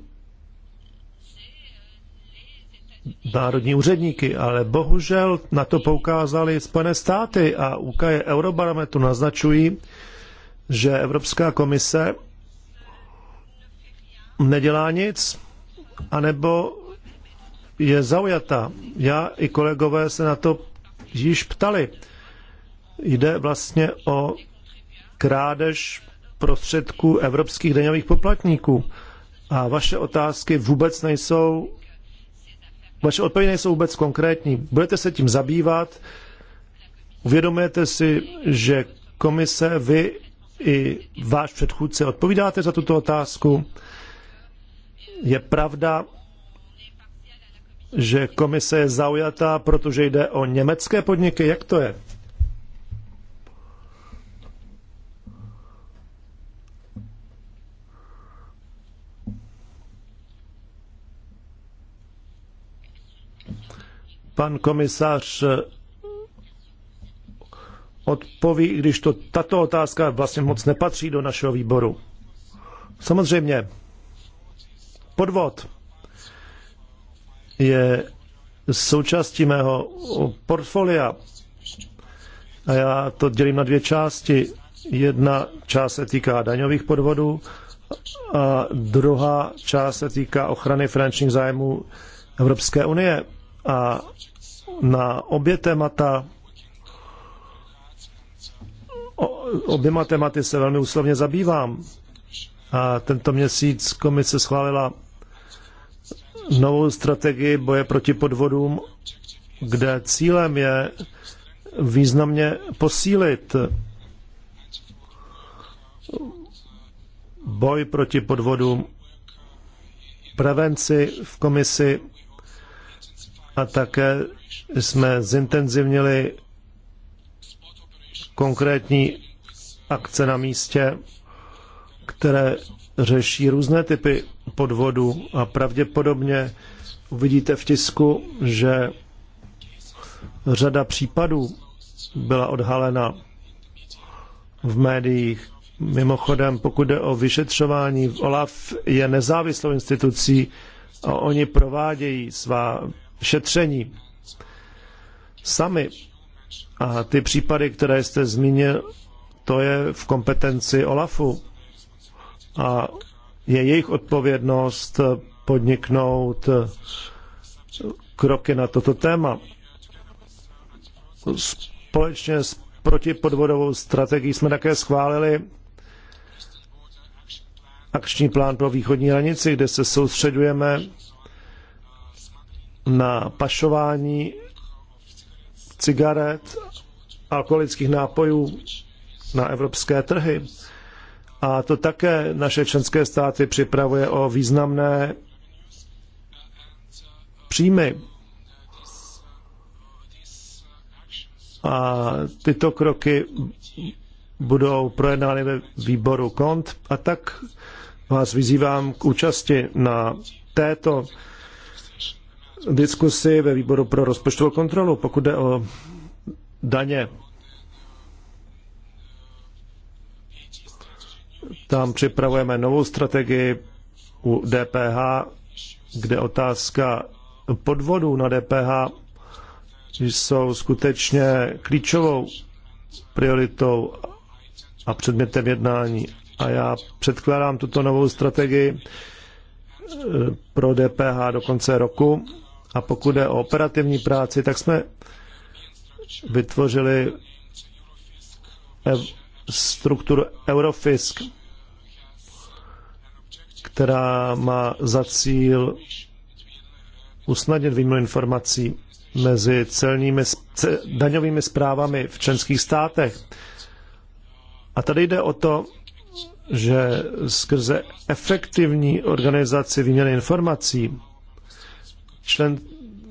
národní úředníky, ale bohužel na to poukázali Spojené státy a úkaje Eurobarometru naznačují, že Evropská komise nedělá nic, anebo je zaujata. Já i kolegové se na to již ptali. Jde vlastně o krádež prostředků evropských daňových poplatníků. A vaše otázky vůbec nejsou vaše odpovědi nejsou vůbec konkrétní. Budete se tím zabývat? Uvědomujete si, že komise, vy i váš předchůdce odpovídáte za tuto otázku? Je pravda, že komise je zaujatá, protože jde o německé podniky? Jak to je? pan komisař eh, odpoví, i když to, tato otázka vlastně moc nepatří do našeho výboru. Samozřejmě, podvod je součástí mého portfolia a já to dělím na dvě části. Jedna část se týká daňových podvodů a druhá část se týká ochrany finančních zájmů Evropské unie. A na obě témata oběma tématy se velmi úslovně zabývám. A tento měsíc komise schválila novou strategii boje proti podvodům, kde cílem je významně posílit boj proti podvodům, prevenci v komisi a také jsme zintenzivnili konkrétní akce na místě, které řeší různé typy podvodu a pravděpodobně uvidíte v tisku, že řada případů byla odhalena v médiích. Mimochodem, pokud jde o vyšetřování, OLAF je nezávislou institucí a oni provádějí svá šetření. Sami a ty případy, které jste zmínil, to je v kompetenci OLAFu a je jejich odpovědnost podniknout kroky na toto téma. Společně s protipodvodovou strategií jsme také schválili akční plán pro východní hranici, kde se soustředujeme na pašování cigaret, alkoholických nápojů na evropské trhy. A to také naše členské státy připravuje o významné příjmy. A tyto kroky budou projednány ve výboru KONT a tak vás vyzývám k účasti na této diskusi ve výboru pro rozpočtovou kontrolu, pokud jde o daně. Tam připravujeme novou strategii u DPH, kde otázka podvodů na DPH jsou skutečně klíčovou prioritou a předmětem jednání. A já předkládám tuto novou strategii eh, pro DPH do konce roku a pokud jde o operativní práci, tak jsme vytvořili eh, strukturu Eurofisk, která má za cíl usnadnit výměnu informací mezi celními, daňovými zprávami v členských státech. A tady jde o to, že skrze efektivní organizaci výměny informací člen,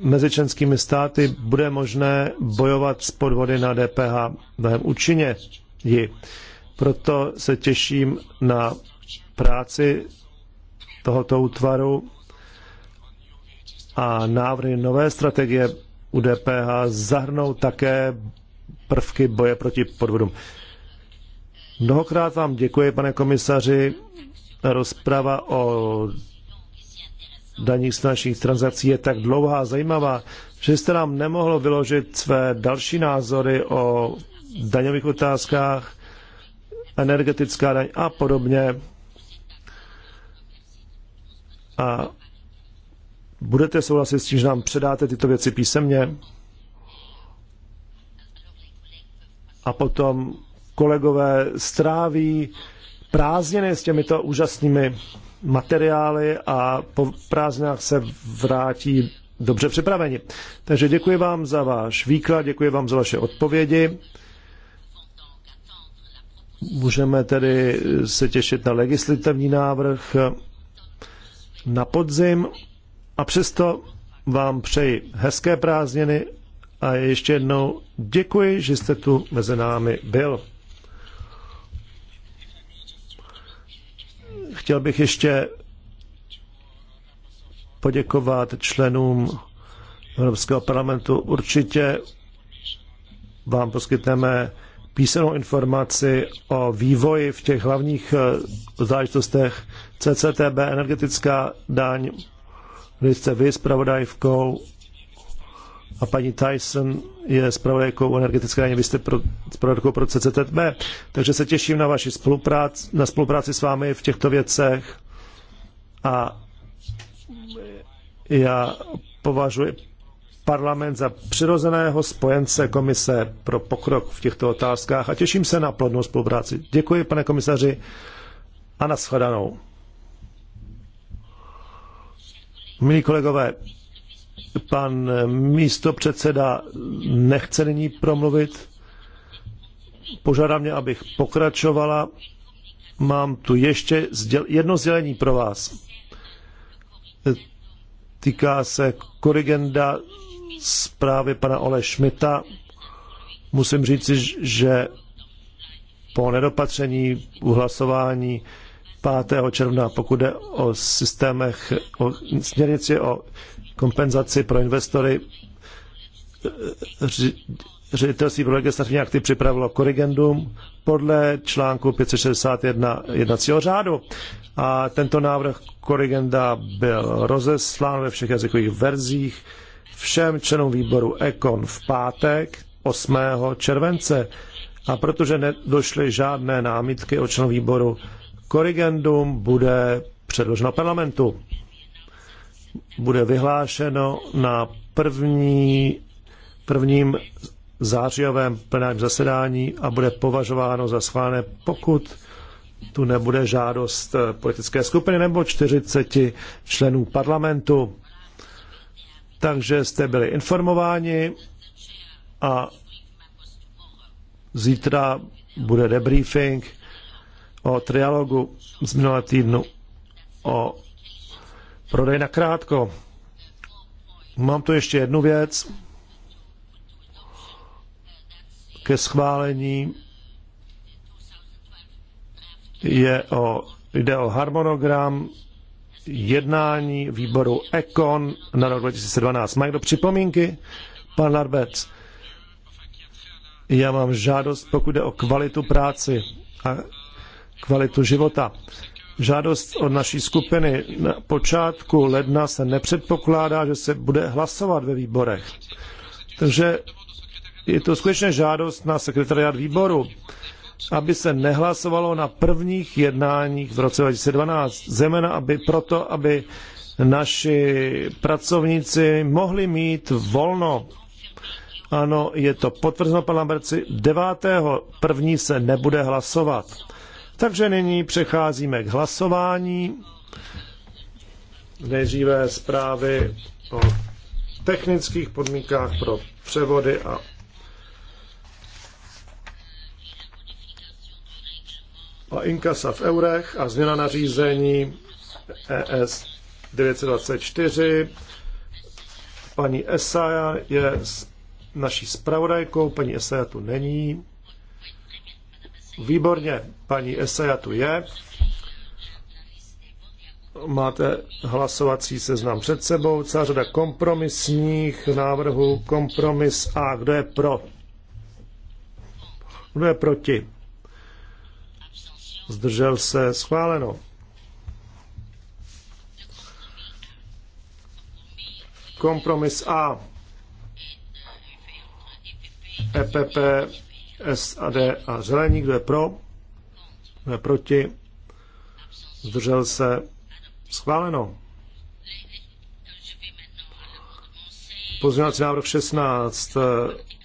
mezi členskými státy bude možné bojovat s podvody na DPH mnohem účinně. Proto se těším na práci tohoto útvaru a návrhy nové strategie u DPH zahrnou také prvky boje proti podvodům. Mnohokrát vám děkuji, pane komisaři. Rozprava o daních z finančních transakcí je tak dlouhá a zajímavá, že jste nám nemohlo vyložit své další názory o daňových otázkách, energetická daň a podobně. A budete souhlasit s tím, že nám předáte tyto věci písemně? A potom kolegové stráví prázdniny s těmito úžasnými materiály a po prázdninách se vrátí dobře připraveni. Takže děkuji vám za váš výklad, děkuji vám za vaše odpovědi. Můžeme tedy se těšit na legislativní návrh na podzim a přesto vám přeji hezké prázdniny a ještě jednou děkuji, že jste tu mezi námi byl. Chtěl bych ještě poděkovat členům Evropského parlamentu. Určitě vám poskytneme písemnou informaci o vývoji v těch hlavních eh, záležitostech CCTB, energetická daň, kdy jste vy zpravodajkou a paní Tyson je zpravodajkou energetické daně, vy jste zpravodajkou pro, pro CCTB, takže se těším na vaši spolupráci, na spolupráci s vámi v těchto věcech a já považuji parlament za přirozeného spojence komise pro pokrok v těchto otázkách a těším se na plodnou spolupráci. Děkuji, pane komisaři, a nashledanou. Milí kolegové, Pan eh, místo předseda nechce nyní promluvit. Požádá mě, abych pokračovala. Mám tu ještě jedno sdělení pro vás. Týká se korigenda zprávy pana Ole Šmita. Musím říci, že po nedopatření u hlasování 5. června, pokud jde o systémech, o směrnici o kompenzaci pro investory ředitelství pro legislativní akty připravilo korrigendum podle článku 561 jednacího řádu. A tento návrh korigenda byl rozeslán ve všech jazykových verzích všem členům výboru ECON v pátek 8. července. A protože nedošly žádné námitky od členů výboru, korrigendum bude předloženo parlamentu bude vyhlášeno na první, prvním zářijovém plném zasedání a bude považováno za schválené, pokud tu nebude žádost eh, politické skupiny nebo 40 členů parlamentu. Takže jste byli informováni a zítra bude debriefing o trialogu z minulého týdnu o Prodej na krátko. Mám tu ještě jednu věc ke schválení. Je o, jde o harmonogram jednání výboru Econ na rok 2012. Mají kdo připomínky? Pan Larbec. Já mám žádost, pokud jde o kvalitu práci a kvalitu života žádost od naší skupiny. Na počátku ledna se nepředpokládá, že se bude hlasovat ve výborech. Takže je to skutečně žádost na sekretariát výboru, aby se nehlasovalo na prvních jednáních v roce 2012, zejména aby proto, aby naši pracovníci mohli mít volno. Ano, je to potvrzeno, pan Lamberci, 9. první se nebude hlasovat. Takže nyní přecházíme k hlasování. Nejdříve zprávy o technických podmínkách pro převody a a inkasa v eurech a změna nařízení ES 924. Paní Esaja je naší spravodajkou, paní Esaja tu není. Výborně, paní Esaja tu je. Máte hlasovací seznam před sebou, celá řada kompromisních návrhů, kompromis A, kdo je pro? Kdo je proti? Zdržel se, schváleno. Kompromis A. EPP SAD a zelení, kdo je pro, kdo je proti, zdržel se, schváleno. Pozměňovací návrh 16 eh,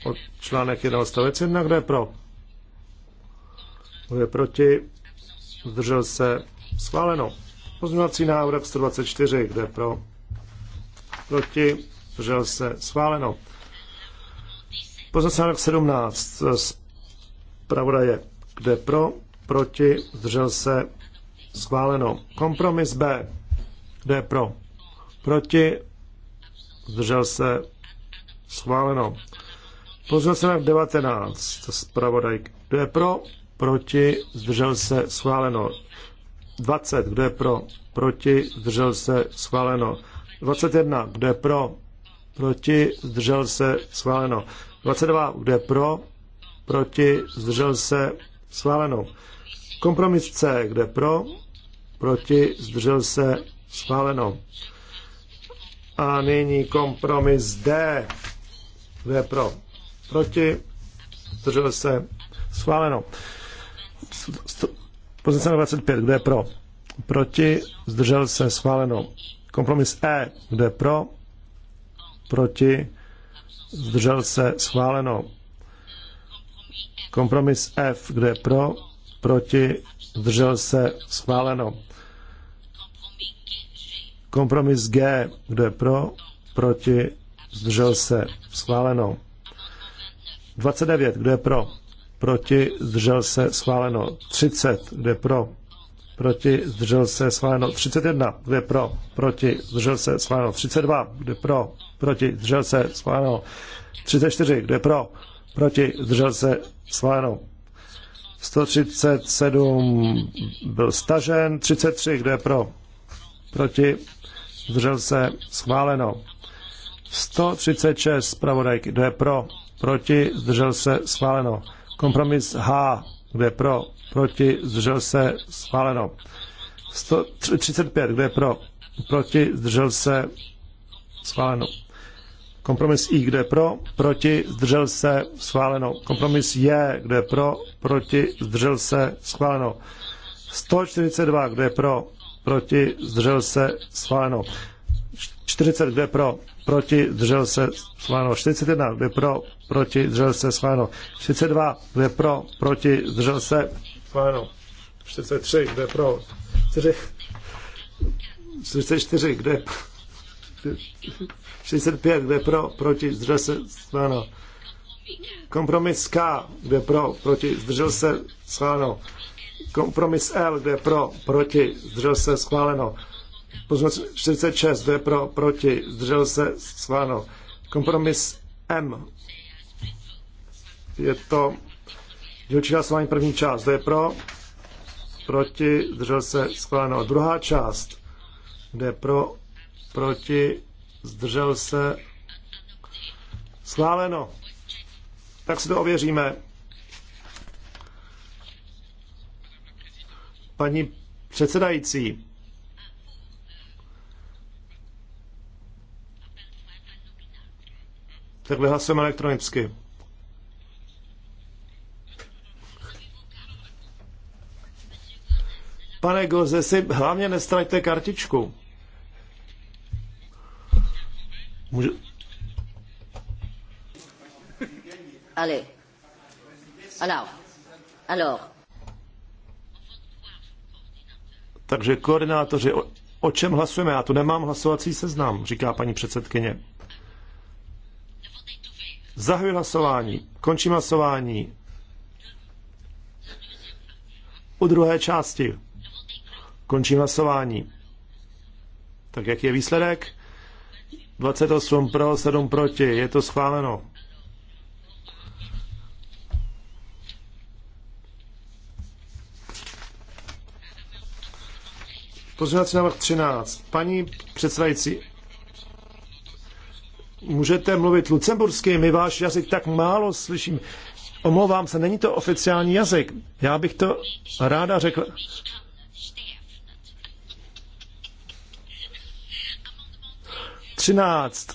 od článek 1 stavec 1, kdo je pro, kdo je proti, zdržel se, schváleno. Pozměňovací návrh 124, Kdo je pro, proti, zdržel se, schváleno. Pozměňovací návrh 17, je, Kde pro, proti, zdržel se, schváleno. Kompromis B. Kde pro, proti, zdržel se, schváleno. se na 19, zpravodaj. Kdo je pro, proti, zdržel se, schváleno. 20, kdo je pro, proti, zdržel se, schváleno. 21, kdo je pro, proti, zdržel se, schváleno. 22, kdo je pro, proti, zdržel se, schváleno. Kompromis C, kde pro, proti, zdržel se, schváleno. A nyní kompromis D, kde pro, proti, zdržel se, schváleno. Pozice 25, kde pro, proti, zdržel se, schváleno. Kompromis E, kde pro, proti, zdržel se, schváleno. Kompromis F, kde pro, proti, zdržel se, schváleno. Kompromis G, kde pro, proti, zdržel se, schváleno. 29, kdo je pro? Proti, zdržel se, schváleno. 30, kdo je pro? Proti, zdržel se, schváleno. 31, kdo je pro? Proti, zdržel se, schváleno. 32, kdo je pro? Proti, zdržel se, schváleno. 34, kdo je pro? proti, zdržel se, schváleno. 137 byl stažen, 33, kdo je pro, proti, zdržel se, schváleno. 136 zpravodajky, kdo je pro, proti, zdržel se, schváleno. Kompromis H, kdo je pro, proti, zdržel se, schváleno. 135, kdo je pro, proti, zdržel se, schváleno. Kompromis I, kde pro, proti, zdržel se, schváleno. Kompromis J, kde pro, proti, zdržel se, schváleno. 142, kde pro, proti, zdržel se, schváleno. 40, pro, proti, zdržel se, schváleno. 41, kde pro, proti, zdržel se, schváleno. 32, kde pro, proti, zdržel se, schváleno. 43, kde pro, 4, 44, kde 65 kde pro, proti, zdržel se, schváleno. Kompromis K, kde pro, proti, zdržel se, schváleno. Kompromis L, kde pro, proti, zdržel se, schváleno. Pozměnit 46, kde pro, proti, zdržel se, schváleno. Kompromis M, je to dělčí hlasování první část, kde je pro, proti, zdržel se, schváleno. Druhá část, kde je pro, proti, zdržel se, schváleno. Tak si to ověříme. Paní předsedající, tak vyhlasujeme elektronicky. Pane Goze, si hlavně nestraťte kartičku. Allez. Alors. Alors. Takže koordinátoři, o, o čem hlasujeme? Já tu nemám hlasovací seznam, říká paní předsedkyně. Zahajuji hlasování. Končím hlasování. U druhé části. Končím hlasování. Tak jak je výsledek? 28 pro, 7 proti. Je to schváleno. Pozměňovací návrh 13. Paní předsedající, můžete mluvit Lucemburský? my váš jazyk tak málo slyším. Omlouvám se, není to oficiální jazyk. Já bych to ráda řekl. 13.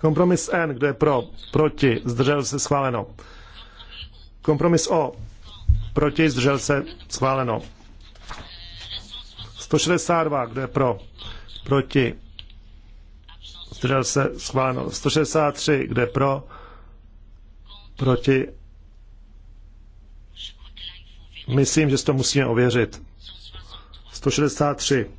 Kompromis N, kdo je pro, proti, zdržel se schváleno. Kompromis O, proti, zdržel se schváleno. 162, kdo je pro, proti, zdržel se schváleno. 163, kdo je pro, proti, myslím, že si to musíme ověřit. 163.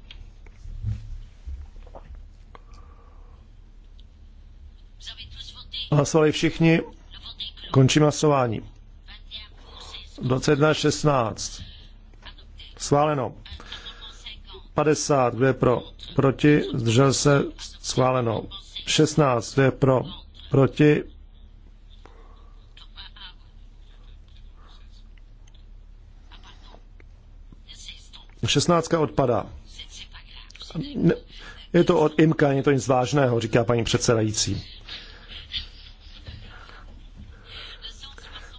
Hlasovali všichni. Končím hlasování. 21.16. 16. Schváleno. 50, kdo je pro? Proti, zdržel se, schváleno. 16, kdo je pro? Proti, Šestnáctka odpadá. Je to od Imka, není to nic vážného, říká paní předsedající.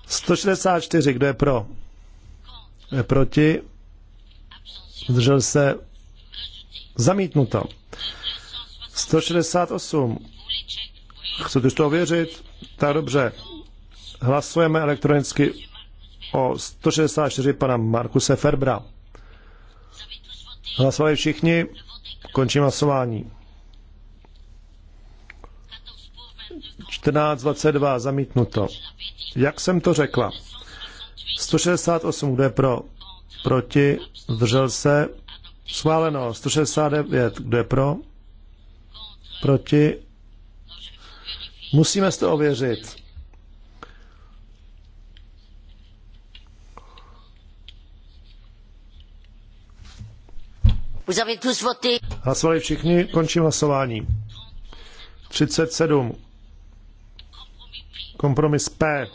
164, kdo je pro? je proti? Zdržel se zamítnuto. 168. Chcete to ověřit? Tak dobře. Hlasujeme elektronicky o 164 pana Markuse Ferbra. Hlasovali všichni. Končím hlasování. 14.22 zamítnuto. Jak jsem to řekla? 168, kdo je pro? Proti? Zdržel se? Schváleno. 169, kdo je pro? Proti? Musíme to ověřit. Hlasovali všichni, končím hlasování. 37. Kompromis P.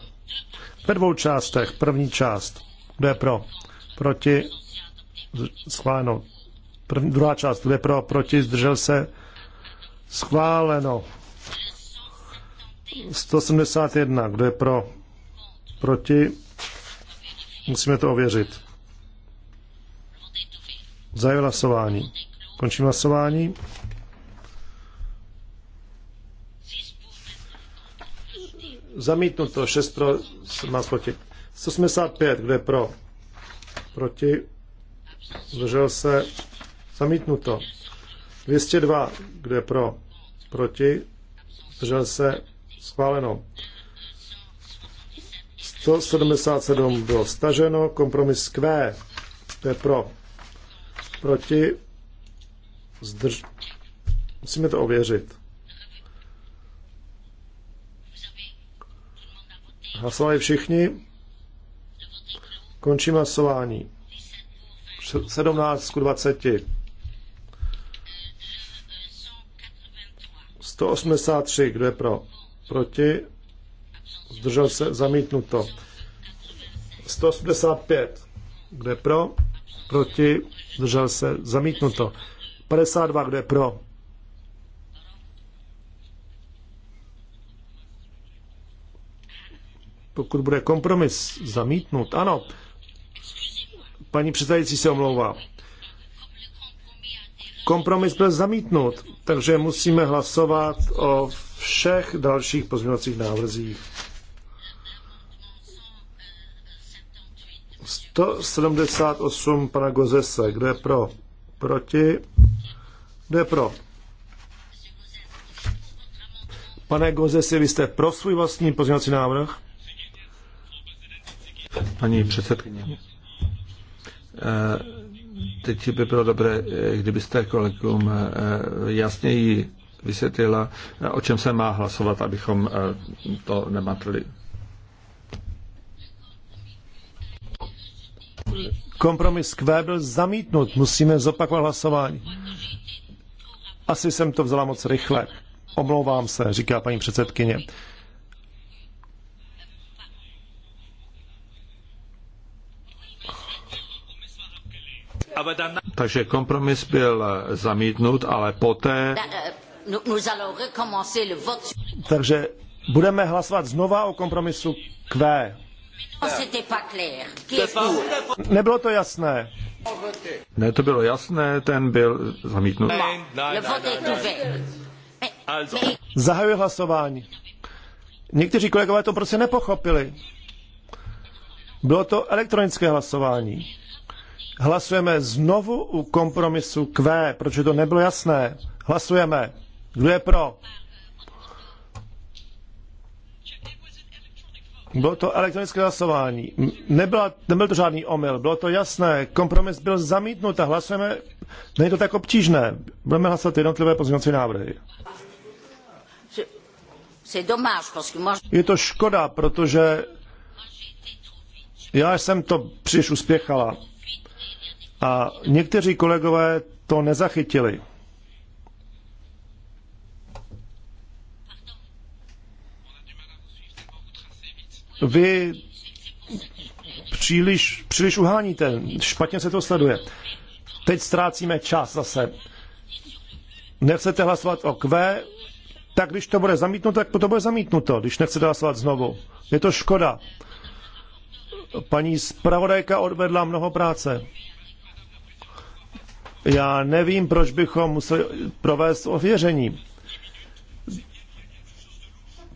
Ve dvou částech. První část. Kdo je pro? Proti? Schváleno. První, druhá část. Kdo je pro? Proti? Zdržel se? Schváleno. 171. Kdo je pro? Proti? Musíme to ověřit. Zajel hlasování. Končím hlasování. Zamítnuto 6 pro 17 proti. 185, kdo je pro? Proti. Zdržel se. Zamítnuto. 202, kdo je pro? Proti. Zdržel se. Schváleno. 177 bylo staženo. Kompromis Q. Kdo je pro? proti, zdrž... Musíme to ověřit. Hlasovali všichni. Končím hlasování. 17 k 20. 183, kdo je pro? Proti? Zdržel se, zamítnuto. 185, kdo je pro? Proti? Zdržel se? Zamítnuto. 52, kdo je pro? Pokud bude kompromis zamítnut, ano. Paní předsedající se omlouvá. Kompromis byl zamítnut, takže musíme hlasovat o všech dalších pozměňovacích návrzích. 178 pana Gozese. Kdo je pro? Proti? Kdo je pro? Pane Gozese, vy jste pro svůj vlastní pozměňovací návrh? Paní předsedkyně, eh, teď by bylo dobré, eh, kdybyste kolegům eh, jasněji vysvětlila, o čem se má hlasovat, abychom to nematli. Kompromis Q byl zamítnut. Musíme zopakovat hlasování. Asi jsem to vzala moc rychle. Omlouvám se, říká paní předsedkyně. Takže kompromis byl zamítnut, ale poté... Takže budeme hlasovat znova o kompromisu Q. Oh, nebylo to jasné. Ne, to bylo jasné, ten byl zamítnut. Zahajuji hlasování. Někteří kolegové to prostě nepochopili. Bylo to elektronické hlasování. Hlasujeme znovu u kompromisu Q, protože to nebylo jasné. Hlasujeme. Kdo je pro? Bylo to elektronické hlasování. Nebyla, nebyl to žádný omyl, bylo to jasné. Kompromis byl zamítnut a hlasujeme. Není to tak obtížné. Budeme hlasovat jednotlivé pozměňovací návrhy. Je to škoda, protože já jsem to příliš uspěchala. A někteří kolegové to nezachytili. Vy příliš, příliš uháníte, špatně se to sleduje. Teď ztrácíme čas zase. Nechcete hlasovat o Q, tak když to bude zamítnuto, tak to bude zamítnuto, když nechcete hlasovat znovu. Je to škoda. Paní zpravodajka odvedla mnoho práce. Já nevím, proč bychom museli provést ověření.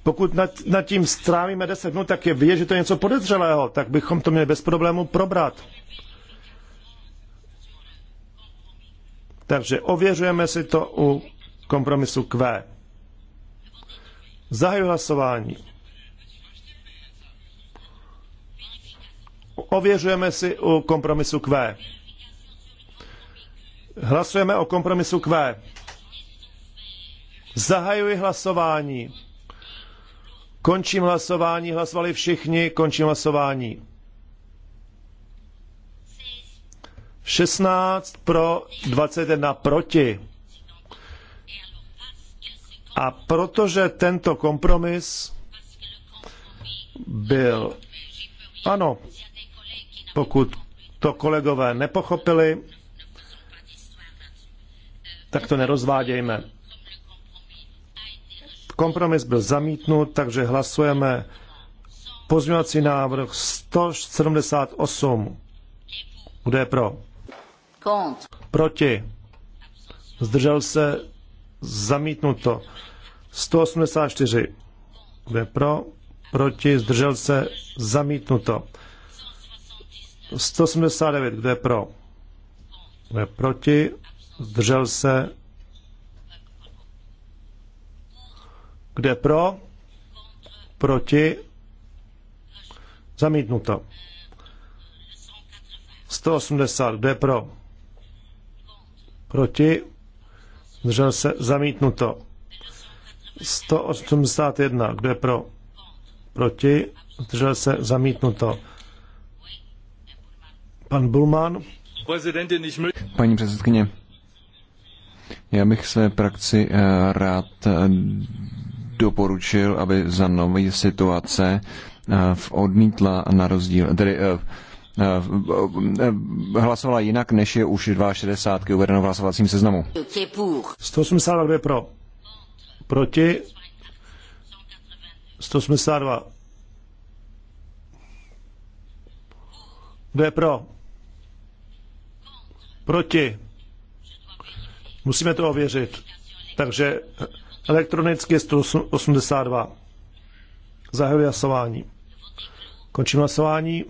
Pokud nad, nad tím strávíme 10 minut, tak je vidět, že to je něco podezřelého, tak bychom to měli bez problému probrat. Takže ověřujeme si to u kompromisu Q. Zahajuji hlasování. Ověřujeme si u kompromisu Q. Hlasujeme o kompromisu Q. Zahajuji hlasování. Končím hlasování. Hlasovali všichni. Končím hlasování. 16 pro, 21 proti. A protože tento kompromis byl. Ano, pokud to kolegové nepochopili, tak to nerozvádějme. Kompromis byl zamítnut, takže hlasujeme pozměňovací návrh 178. Kdo je pro? Proti. Zdržel se zamítnuto. 184. Kdo je pro? Proti. Zdržel se zamítnuto. 179. Kdo je pro? Kdo je proti? Zdržel se Kde pro? Proti? Zamítnuto. 180. Kde pro? Proti? Zdržel se? Zamítnuto. 181. Kde pro? Proti? Zdržel se? Zamítnuto. Pan Bulman. Paní předsedkyně, já bych své praxi eh, rád eh, doporučil, aby za nové situace eh, v odmítla na rozdíl, tedy eh, eh, hlasovala jinak, než je už 62 uvedeno v hlasovacím seznamu. 182 pro. Proti. 182. Kdo je pro? Proti. Musíme to ověřit. Takže Elektronicky 182. Zahajuji hlasování. Končím hlasování.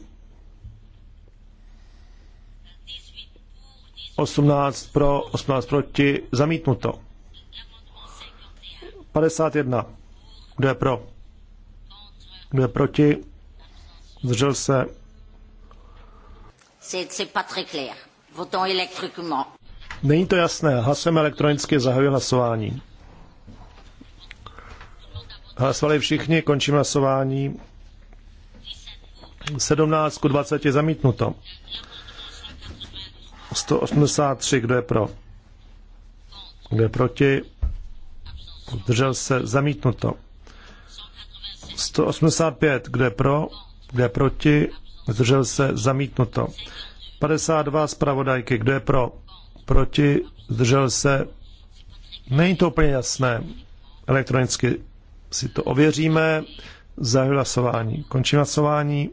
18 pro, 18 proti, zamítnuto. 51. Kdo je pro? Kdo je proti? Zdržel se. Není to jasné. Hlasujeme elektronicky, zahajuji hlasování. Hlasovali všichni, končím hlasování. 17 ku 20 je zamítnuto. 183, kdo je pro? Kdo je proti? Držel se zamítnuto. 185, kdo je pro? Kdo je proti? Zdržel se zamítnuto. 52 zpravodajky, kdo je pro? Proti? Zdržel se? Není to úplně jasné. Elektronicky si to ověříme. Zahajuji hlasování. Končím hlasování.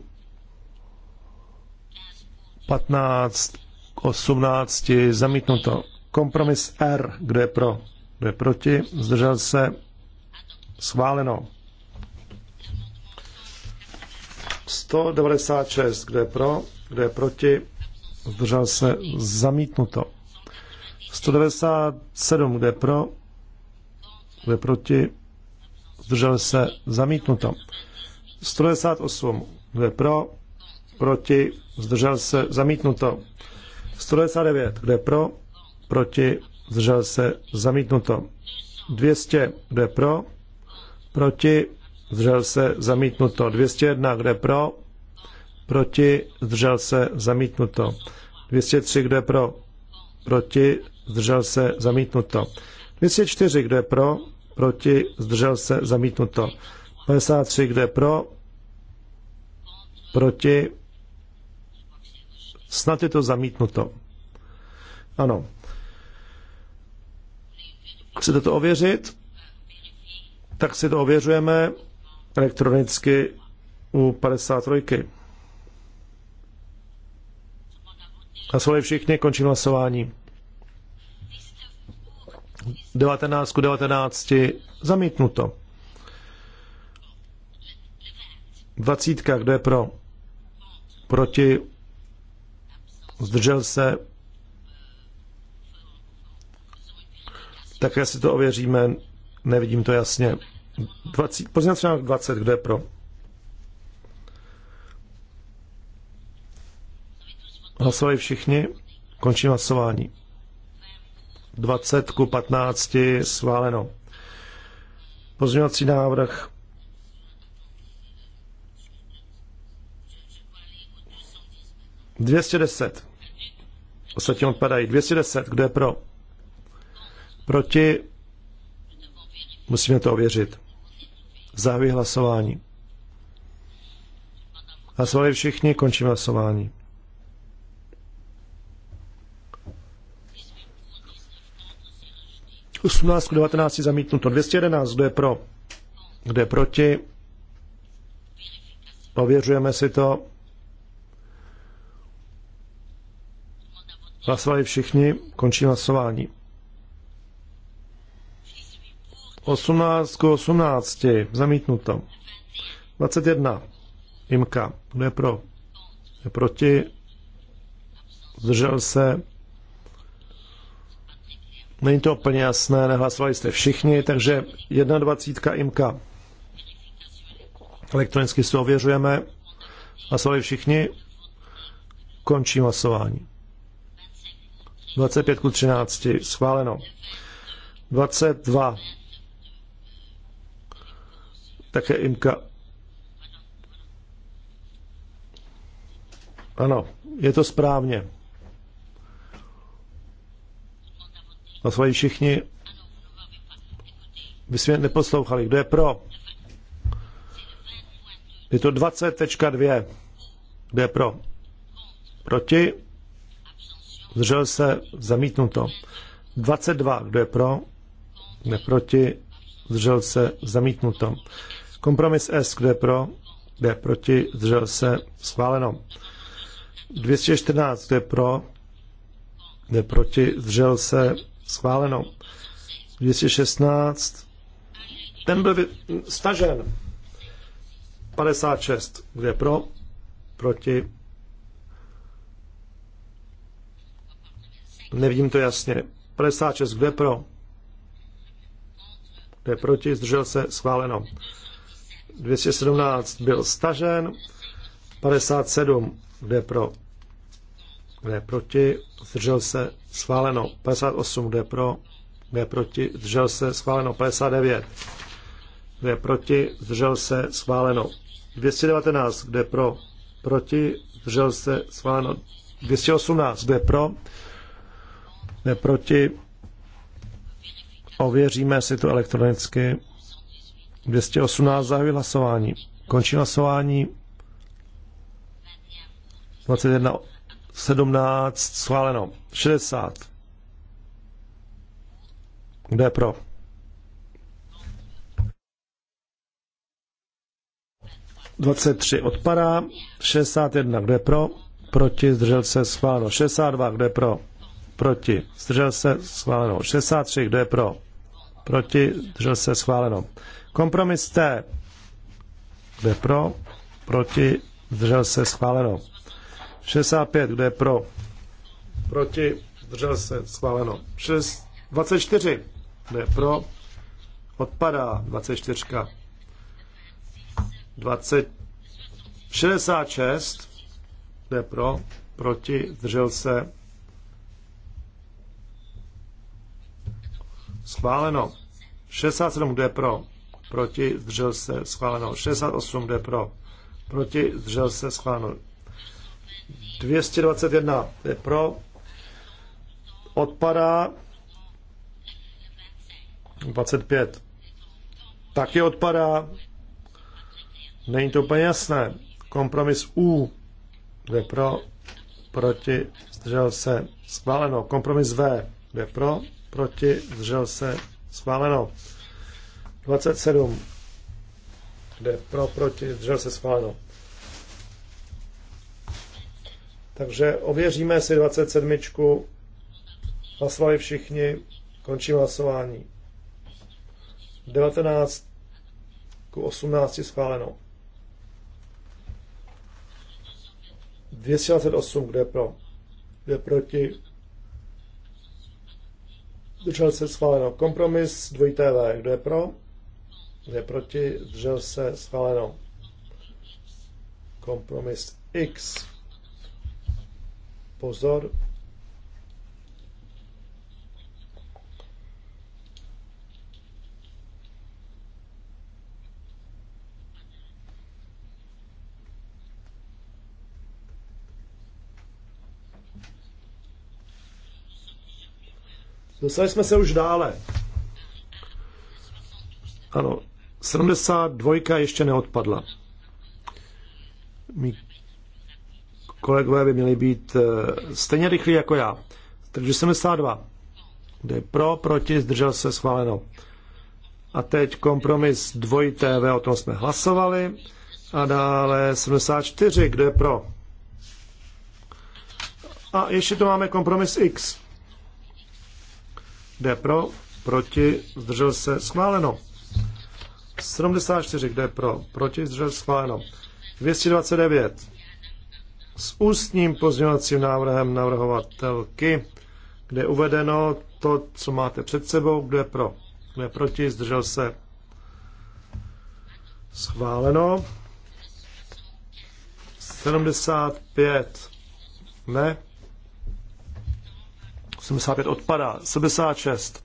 15, 18, zamítnuto. Kompromis R, kdo je pro, kdo je proti, zdržel se, schváleno. 196, kdo je pro, kdo je proti, zdržel se, zamítnuto. 197, kdo je pro, kdo je proti, zdržel se zamítnuto. 198, kdo je pro, proti, zdržel se zamítnuto. 199, kdo je pro, proti, zdržel se zamítnuto. 200, kdo je pro, proti, zdržel se zamítnuto. 201, kdo je pro, proti, zdržel se zamítnuto. 203, kdo je pro, proti, zdržel se zamítnuto. 204, kdo je pro, proti, zdržel se, zamítnuto. 53, kdo je pro, proti, snad je to zamítnuto. Ano. Chcete to ověřit? Tak si to ověřujeme elektronicky u 53. Hlasovali všichni, končím hlasování. 19 ku 19 zamítnuto. 20. Kdo je pro? Proti? Zdržel se? Také si to ověříme, nevidím to jasně. 20, pozněvací 20, kdo je pro? Hlasovali všichni, končím hlasování. 20 ku 15 schváleno. Pozměňovací návrh Dvěstě deset. Ostatní odpadají. Dvěstě deset. Kdo je pro? Proti? Musíme to ověřit. Zahajuji hlasování. Hlasovali všichni, končím hlasování. 18 k 19 zamítnuto. 211, kdo je pro? Kdo je proti? Ověřujeme si to. Hlasovali všichni, končí hlasování. 18 k 18, zamítnuto. 21, Imka, kdo je pro? Kdo je proti? Zdržel se, Není to úplně jasné, nehlasovali jste všichni, takže 21. imka. Elektronicky se ověřujeme. Hlasovali všichni. Končím hlasování. 25 ku 13. Schváleno. 22. Také Imka. Ano, je to správně. Hlasovali všichni. Vy jsme neposlouchali. Kdo je pro? Je to 20.2. Kdo je pro? Proti? Zdržel se? Zamítnuto. 22. Kdo je pro? Kdo proti? Zdržel se? Zamítnuto. Kompromis S. Kdo je pro? Kdo je proti? Zdržel se? Schváleno. 214. Kdo je pro? Kdo je proti? Zdržel se? Schváleno. 216. Ten byl stažen. 56. Kde pro? Proti? Nevidím to jasně. 56. Kde pro? Kde proti? Zdržel se? Schváleno. 217 byl stažen. 57. Kde pro? kdo je proti, zdržel se, schváleno 58, kdo je pro, kdo je proti, zdržel se, schváleno 59, kdo je proti, zdržel se, schváleno 219, kdo je pro, proti, zdržel se, schváleno 218, kdo je pro, kdo je proti, ověříme si to elektronicky, 218 zahajuje hlasování, končí hlasování, 21 17, schváleno. 60. Kdo je pro? Dvacet tři odpadá, šedesát jedna, kdo je pro? Proti, zdržel se, schváleno. Šedesát dva, kdo je pro? Proti, zdržel se, schváleno. Šedesát tři, kdo je pro? Proti, zdržel se, schváleno. Kompromis T, kdo je pro? Proti, zdržel se, schváleno. 65, kdo je pro? Proti, zdržel se, schváleno. 6, 24, kdo je pro? Odpadá 24. 20, 66, kdo je pro? Proti, zdržel se, schváleno. 67, kdo je pro? Proti, zdržel se, schváleno. 68, kdo je pro? Proti, zdržel se, schváleno. 221 je pro, odpadá 25. Taky odpadá. Není to úplně jasné. Kompromis U je pro, proti, zdržel se, schváleno. Kompromis V je pro, proti, zdržel se, schváleno. 27 jde pro, proti, zdržel se, schváleno. Takže ověříme si 27. Hlasovali všichni. Končím hlasování. 19 k 18 schváleno. 228, kde pro? Kde proti? Držel se schváleno. Kompromis TV, kdo je pro? je proti? Držel se schváleno. Kompromis X, pozor. Dostali jsme se už dále. Ano, 72 ještě neodpadla. Mí kolegové by měli být eh, stejně rychlí jako já. Takže 72. Kde pro, proti, zdržel se, schváleno. A teď kompromis dvojité TV, o tom jsme hlasovali. A dále 74, kde je pro. A ještě tu máme kompromis X. Kde je pro, proti, zdržel se, schváleno. 74, kde je pro, proti, zdržel se, schváleno. 229 s ústním pozměňovacím návrhem navrhovatelky, kde je uvedeno to, co máte před sebou, kdo je pro, kdo je proti, zdržel se schváleno. 75 ne. 75 odpadá. 76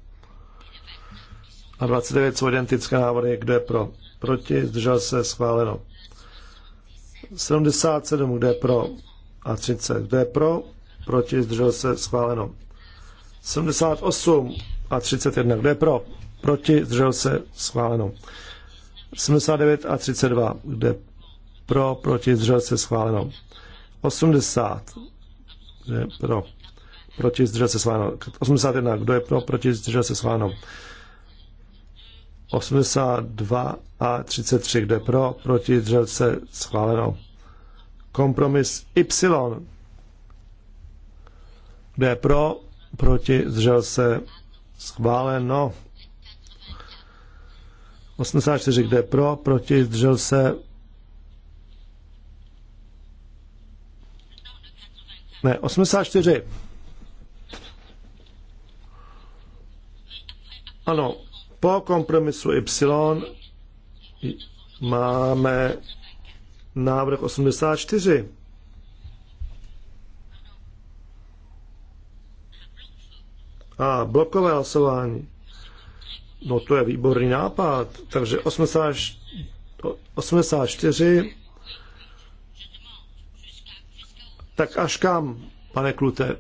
a 29 jsou identické návrhy, kde pro, proti, zdržel se, schváleno. 77, kde je pro a 30, kde je pro, proti, zdržel se, schváleno. 78 a 31, kde je pro, proti, zdržel se, schváleno. 79 a 32, kde pro, proti, zdržel se, schváleno. 80, kde je pro, proti, zdržel se, schváleno. 81, kdo je pro, proti, zdržel se, schváleno. 82 a 33, kde pro, proti, držel schváleno. Kompromis Y, kde pro, proti, držel schváleno. 84, kde pro, proti, držel ne, 84. Ano, po kompromisu Y máme návrh 84. A blokové hlasování. No to je výborný nápad. Takže 84. Tak až kam, pane Klute?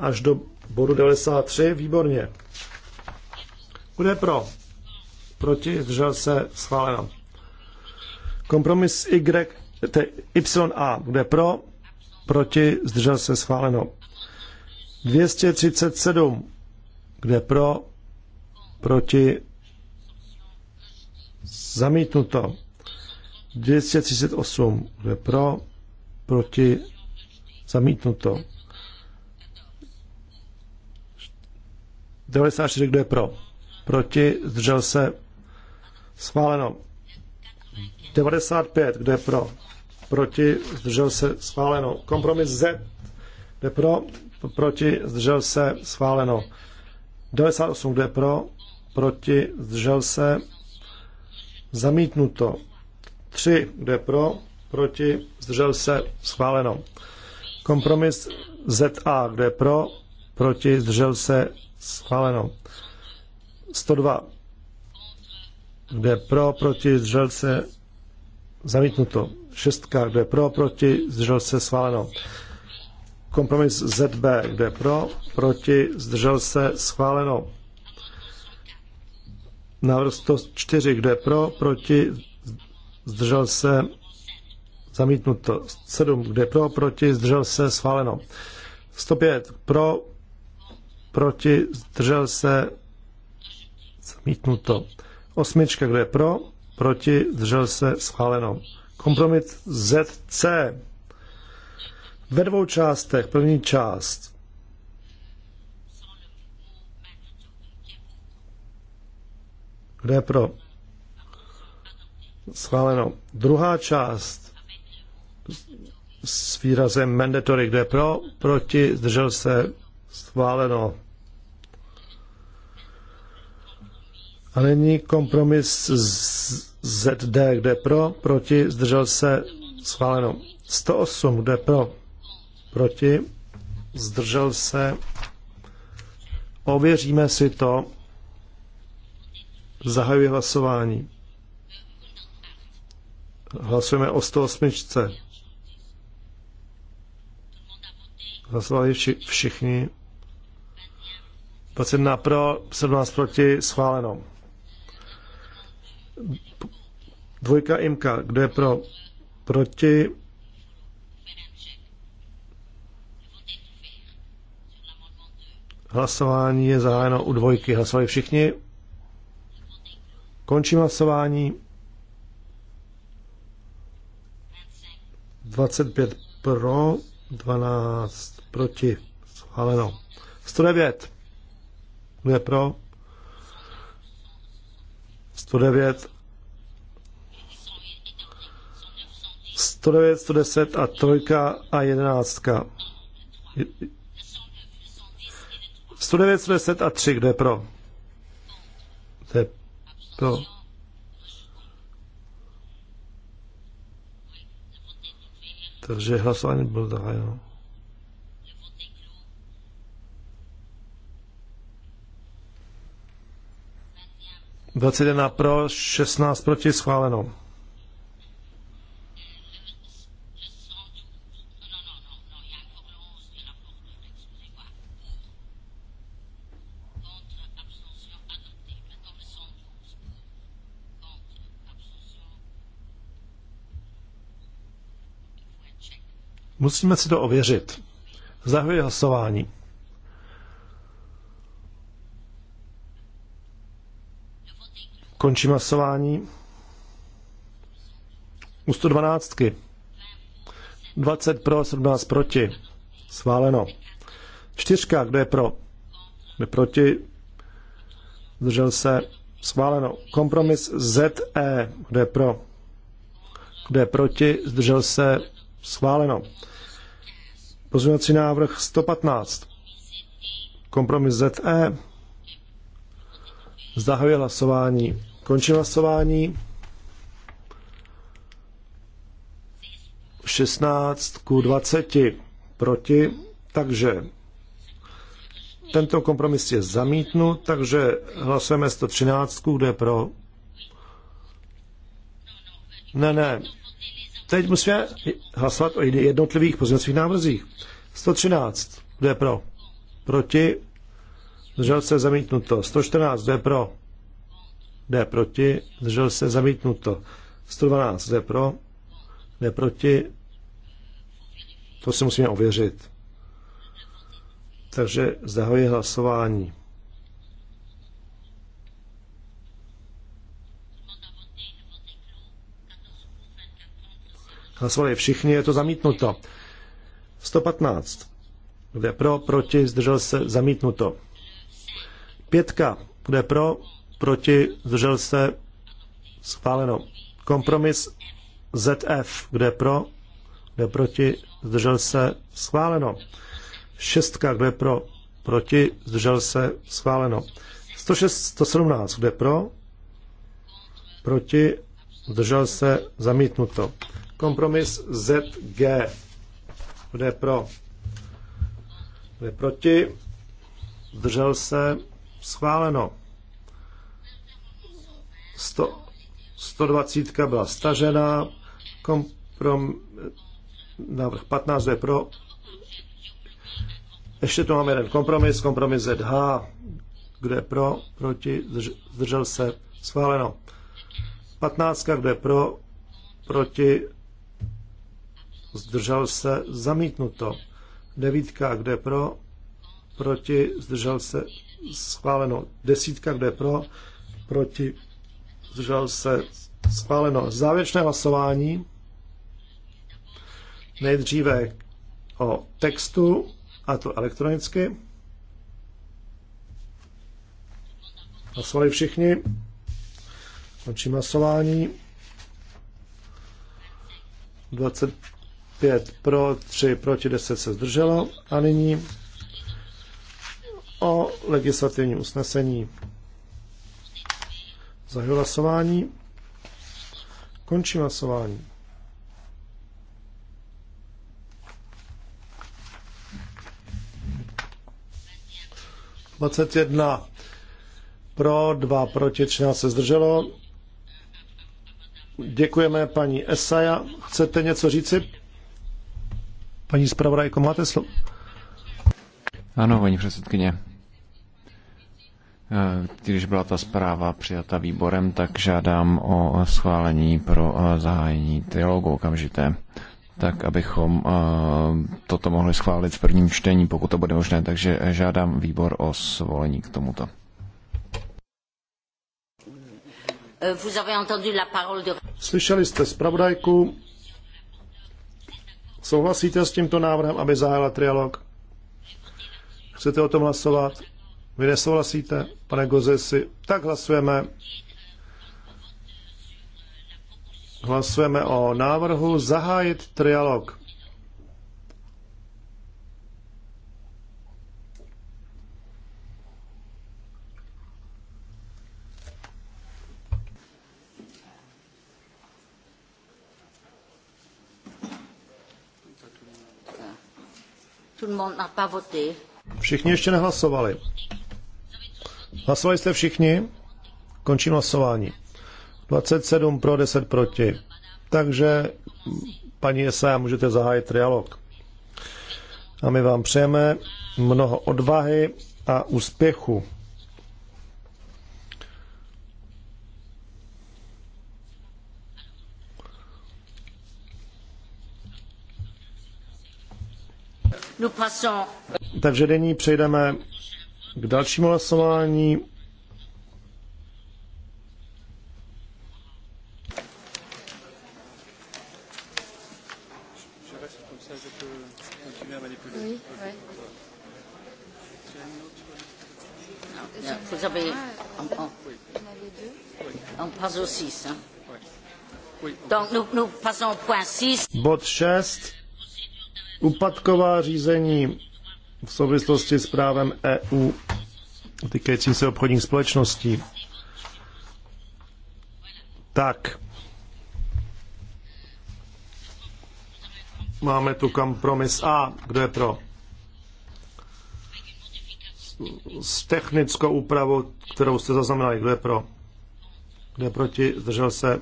až do bodu 93. Výborně. Bude pro. Proti, zdržel se, schváleno. Kompromis Y, te, YA, bude pro, proti, zdržel se, schváleno. 237, kde pro, proti, zamítnuto. 238, kde pro, proti, zamítnuto. 94, kdo je pro? Proti, zdržel se, schváleno. 95, kdo je pro? Proti, zdržel se, schváleno. Kompromis Z, kdo je pro? Proti, zdržel se, schváleno. 98, kdo je pro? Proti, zdržel se, zamítnuto. 3, kdo je pro? Proti, zdržel se, schváleno. Kompromis ZA, kdo je pro? Proti, zdržel se, Schváleno. 102. Kde pro, proti, zdržel se, zamítnuto. 6. Kde pro, proti, zdržel se, schváleno. Kompromis ZB. Kde pro, proti, zdržel se, schváleno. Návrh 104. Kde pro, proti, zdržel se, zamítnuto. 7. Kde pro, proti, zdržel se, schváleno. 105. Pro, proti, zdržel se, zamítnuto. Osmička, kdo je pro, proti, zdržel se, schváleno. kompromit ZC ve dvou částech. První část Kdo je pro? Schváleno. Druhá část s výrazem mandatory, kdo je pro, proti, zdržel se, Schváleno. A nyní kompromis ZD, kde pro, proti, zdržel se, schváleno. 108, kde pro, proti, zdržel se. Ověříme si to. Zahajuji hlasování. Hlasujeme o 108. Hlasovali vši- všichni. 21 pro, 17 proti, schváleno. Dvojka Imka, kdo je pro, proti, Hlasování je zahájeno u dvojky. Hlasovali všichni. Končím hlasování. 25 pro, 12 proti. Schváleno. 109. Kdo je pro? 109. 109, 110 a 3 a 11. 109, 110 a 3, kdo je pro? To je pro. Takže hlasování bylo zahájeno. 21 pro, 16 proti, schváleno. Musíme si to ověřit. Zahajuji hlasování. Končím hlasování. U 112. 20 pro, 17 proti. Sváleno. Čtyřka, kdo je pro? Kdo je proti? Zdržel se. Sváleno. Kompromis ZE, kdo je pro? Kdo je proti? Zdržel se. Schváleno. Pozměňovací návrh 115. Kompromis ZE. Zahajuje hlasování. Končím hlasování. 16 ku 20 proti, takže tento kompromis je zamítnut, takže hlasujeme 113, kde pro. Ne, ne. Teď musíme hlasovat o jednotlivých pozměcích návrzích. 113, kde pro. Proti. Zdržel se zamítnuto. 114, kde pro. D proti, zdržel se zamítnuto. 112 D pro, D proti, to si musíme ověřit. Takže zahajuji hlasování. Hlasovali všichni, je to zamítnuto. 115. Kde pro, proti, zdržel se, zamítnuto. Pětka. Kde pro, proti, zdržel se, schváleno. Kompromis ZF, kde pro, kde proti, zdržel se, schváleno. Šestka, kde pro, proti, zdržel se, schváleno. 106, 117, kde pro, proti, zdržel se, zamítnuto. Kompromis ZG, kde pro, kde proti, zdržel se, schváleno. 100, 120 byla stažena, komprom, návrh 15 je pro. Ještě tu máme jeden kompromis, kompromis ZH, kdo je pro, proti, zdržel se, schváleno. 15, kdo je pro, proti, zdržel se, zamítnuto. 9, kdo je pro, proti, zdržel se, schváleno. 10, kdo je pro, proti, zdržel se schváleno. Závěrečné hlasování nejdříve o textu, a to elektronicky. Hlasovali všichni. Končím hlasování. 25 pro, 3 proti, 10 se zdrželo. A nyní o legislativním usnesení. Zahajuji hlasování. Končím hlasování. Dvacet jedna pro, dva proti, 13 se zdrželo. Děkujeme paní Esaja. Chcete něco říci? Paní zpravodajko, máte slovo? Ano, paní předsedkyně. Eh, když byla ta zpráva přijata výborem, tak žádám o schválení pro eh, zahájení trialogu okamžité tak abychom eh, toto mohli schválit v prvním čtení, pokud to bude možné. Takže žádám výbor o svolení k tomuto. Slyšeli jste zpravodajku. Souhlasíte s tímto návrhem, aby zahájila trialog? Chcete o tom hlasovat? Vy nesouhlasíte, pane Gozesi? Tak hlasujeme. Hlasujeme o návrhu zahájit trialog. Všichni ještě nehlasovali. Hlasovali jste všichni? Končím hlasování. 27 pro, 10 proti. Takže, paní Jesa, můžete zahájit trialog. A my vám přejeme mnoho odvahy a úspěchu. Takže nyní přejdeme k dalšímu hlasování Vous avez. On, on, on passe 6. Hein. Donc nous, nous passons au point 6. Bod 6. Upadková řízení v souvislosti s právem EU týkajícím se obchodních společností. Tak. Máme tu kompromis A. Kdo je pro? S technickou úpravou, kterou jste zaznamenali. Kdo je pro? Kdo je proti? Zdržel se?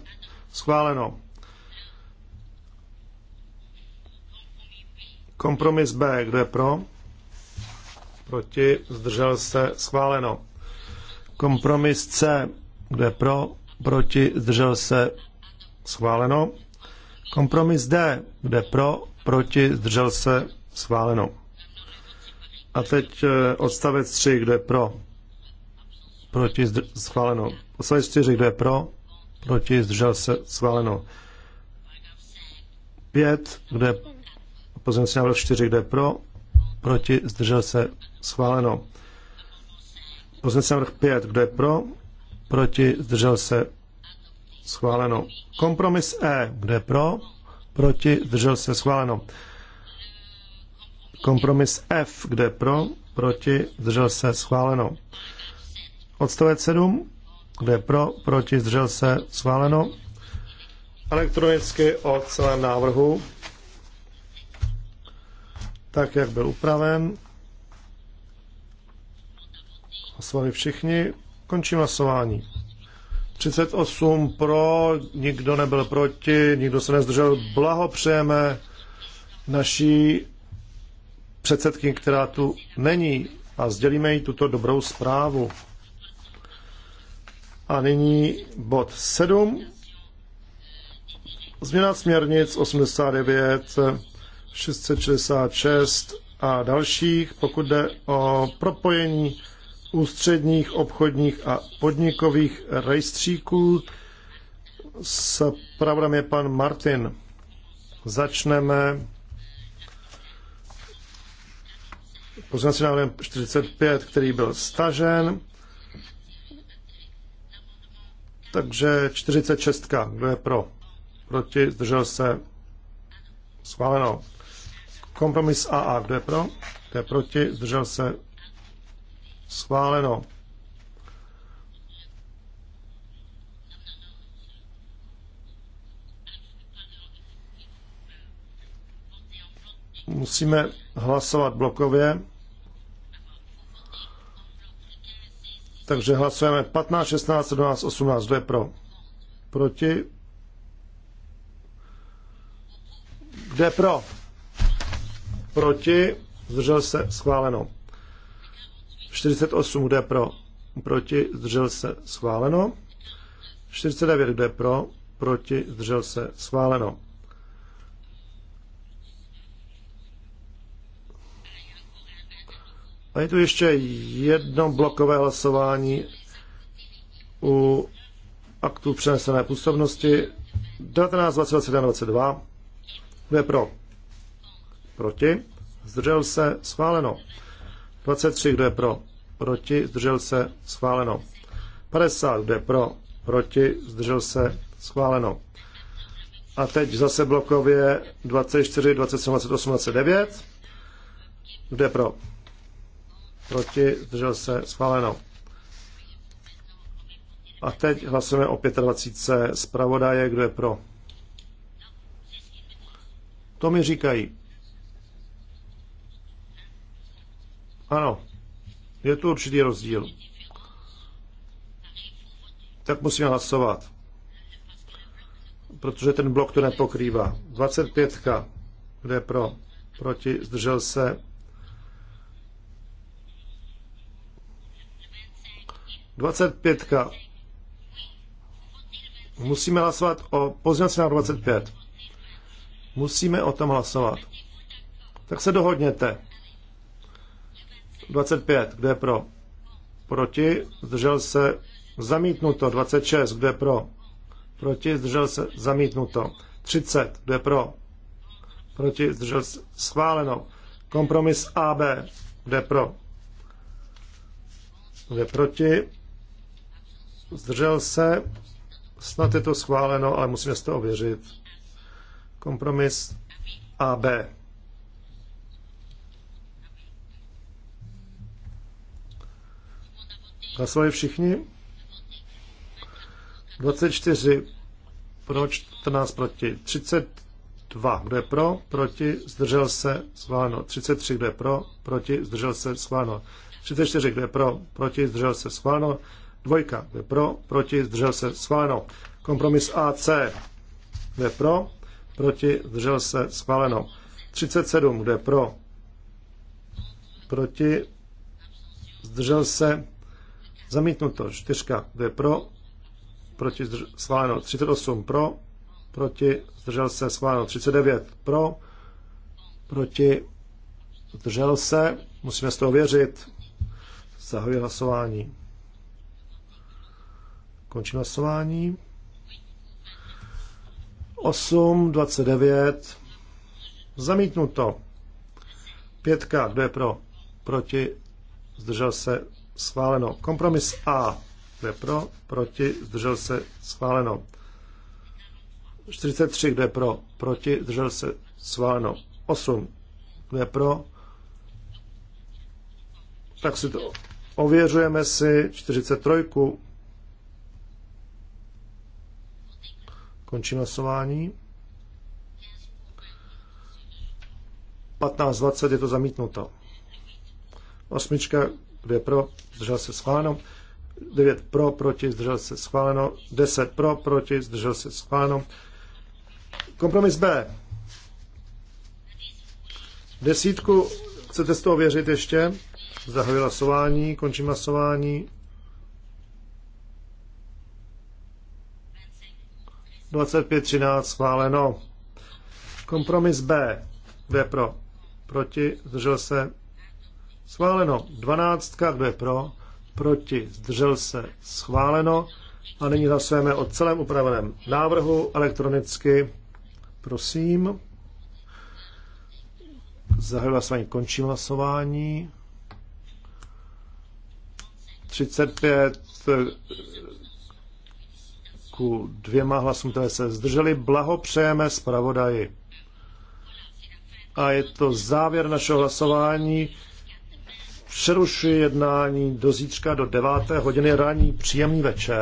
Schváleno. Kompromis B. Kdo je pro? proti, zdržel se, schváleno. Kompromis C, kdo je pro, proti, zdržel se, schváleno. Kompromis D, kde pro, proti, zdržel se, schváleno. A teď eh, odstavec 3, kdo je pro, proti, zdr- schváleno. Odstavec 4, kdo je pro, proti, zdržel se, schváleno. 5, kde pozměnce návrh 4, kde je pro, proti, zdržel se, Schváleno. Pozměňovací návrh 5. Kdo je pro? Proti? Zdržel se? Schváleno. Kompromis E. Kdo je pro? Proti? Zdržel se? Schváleno. Kompromis F. Kdo je pro? Proti? Zdržel se? Schváleno. Odstavec 7. Kdo je pro? Proti? Zdržel se? Schváleno. Elektronicky o celém návrhu, tak jak byl upraven. Hlasovali všichni. Končím hlasování. 38 pro, nikdo nebyl proti, nikdo se nezdržel. Blahopřejeme naší předsedkyni, která tu není a sdělíme jí tuto dobrou zprávu. A nyní bod 7. Změna směrnic 89, 666 a dalších, pokud jde o propojení ústředních obchodních a podnikových rejstříků. S pravdem je pan Martin. Začneme pozměňovacím návrhem 45, který byl stažen. Takže 46. Kdo je pro? Proti? Zdržel se? Schváleno. Kompromis AA. Kdo je pro? Kdo je proti? Zdržel se? Schváleno. Musíme hlasovat blokově. Takže hlasujeme 15, 16, 17, 18. Kdo je pro? Proti? Kde pro? Proti? Zdržel se? Schváleno. 48, jde pro, proti, zdržel se, schváleno. 49, jde pro, proti, zdržel se, schváleno. A je tu ještě jedno blokové hlasování u aktu přenesené působnosti 19, 21, 22. Kdo je pro? Proti? Zdržel se? Schváleno. 23, kdo je pro, proti, zdržel se, schváleno. 50, kdo je pro, proti, zdržel se, schváleno. A teď zase blokově 24, 27, 28, 29. Kdo je pro? Proti, zdržel se, schváleno. A teď hlasujeme o 25. Zpravodaje, kdo je pro? To mi říkají. Ano, je tu určitý rozdíl. Tak musíme hlasovat. Protože ten blok to nepokrývá. 25. Kde pro? Proti? Zdržel se? 25. Musíme hlasovat o pozměnci na 25. Musíme o tom hlasovat. Tak se dohodněte. 25, kdo je pro? Proti, zdržel se, zamítnuto. 26, kdo je pro? Proti, zdržel se, zamítnuto. 30, kdo je pro? Proti, zdržel se, schváleno. Kompromis AB, kdo je pro? Kdo je proti? Zdržel se, snad je to schváleno, ale musíme si to ověřit. Kompromis AB. Hlasovali všichni? 24 pro, 14 proti, 32, kdo je pro, proti, zdržel se, schváleno, 33, kdo je pro, proti, zdržel se, schváleno, 34, kdo je pro, proti, zdržel se, schváleno, dvojka, kdo je pro, proti, zdržel se, schváleno, kompromis AC, kdo je pro, proti, zdržel se, schváleno, 37, kdo je pro, proti, zdržel se, Zamítnuto. 4 Kdo je pro? Proti schváleno. 38 pro. Proti zdržel se schváleno. 39 pro. Proti zdržel se. Musíme z toho věřit. Zahajuji hlasování. Končím hlasování. 8, 29. Zamítnuto. Pětka, kdo je pro? Proti? Zdržel se? schváleno. Kompromis A, je pro, proti, zdržel se, schváleno. 43, kde pro, proti, zdržel se, schváleno. 8, kde pro, tak si to ověřujeme si 43. končí hlasování. 15.20 je to zamítnuto. Osmička 2 pro, zdržel se schváleno, 9 pro, proti, zdržel se schváleno, 10 pro, proti, zdržel se schváleno. Kompromis B. Desítku chcete z toho věřit ještě? Zahajuji hlasování, končím hlasování. třináct schváleno. Kompromis B. 2 pro. Proti. Zdržel se. Schváleno. Dvanáctka, kdo je pro? Proti. Zdržel se. Schváleno. A nyní hlasujeme o celém upraveném návrhu elektronicky. Prosím. Zahajuji hlasování, končím hlasování. 35 eh, ku dvěma hlasům, které se zdrželi. Blahopřejeme zpravodaji. A je to závěr našeho hlasování přerušuji jednání do zítřka do 9. hodiny ranní. Příjemný večer.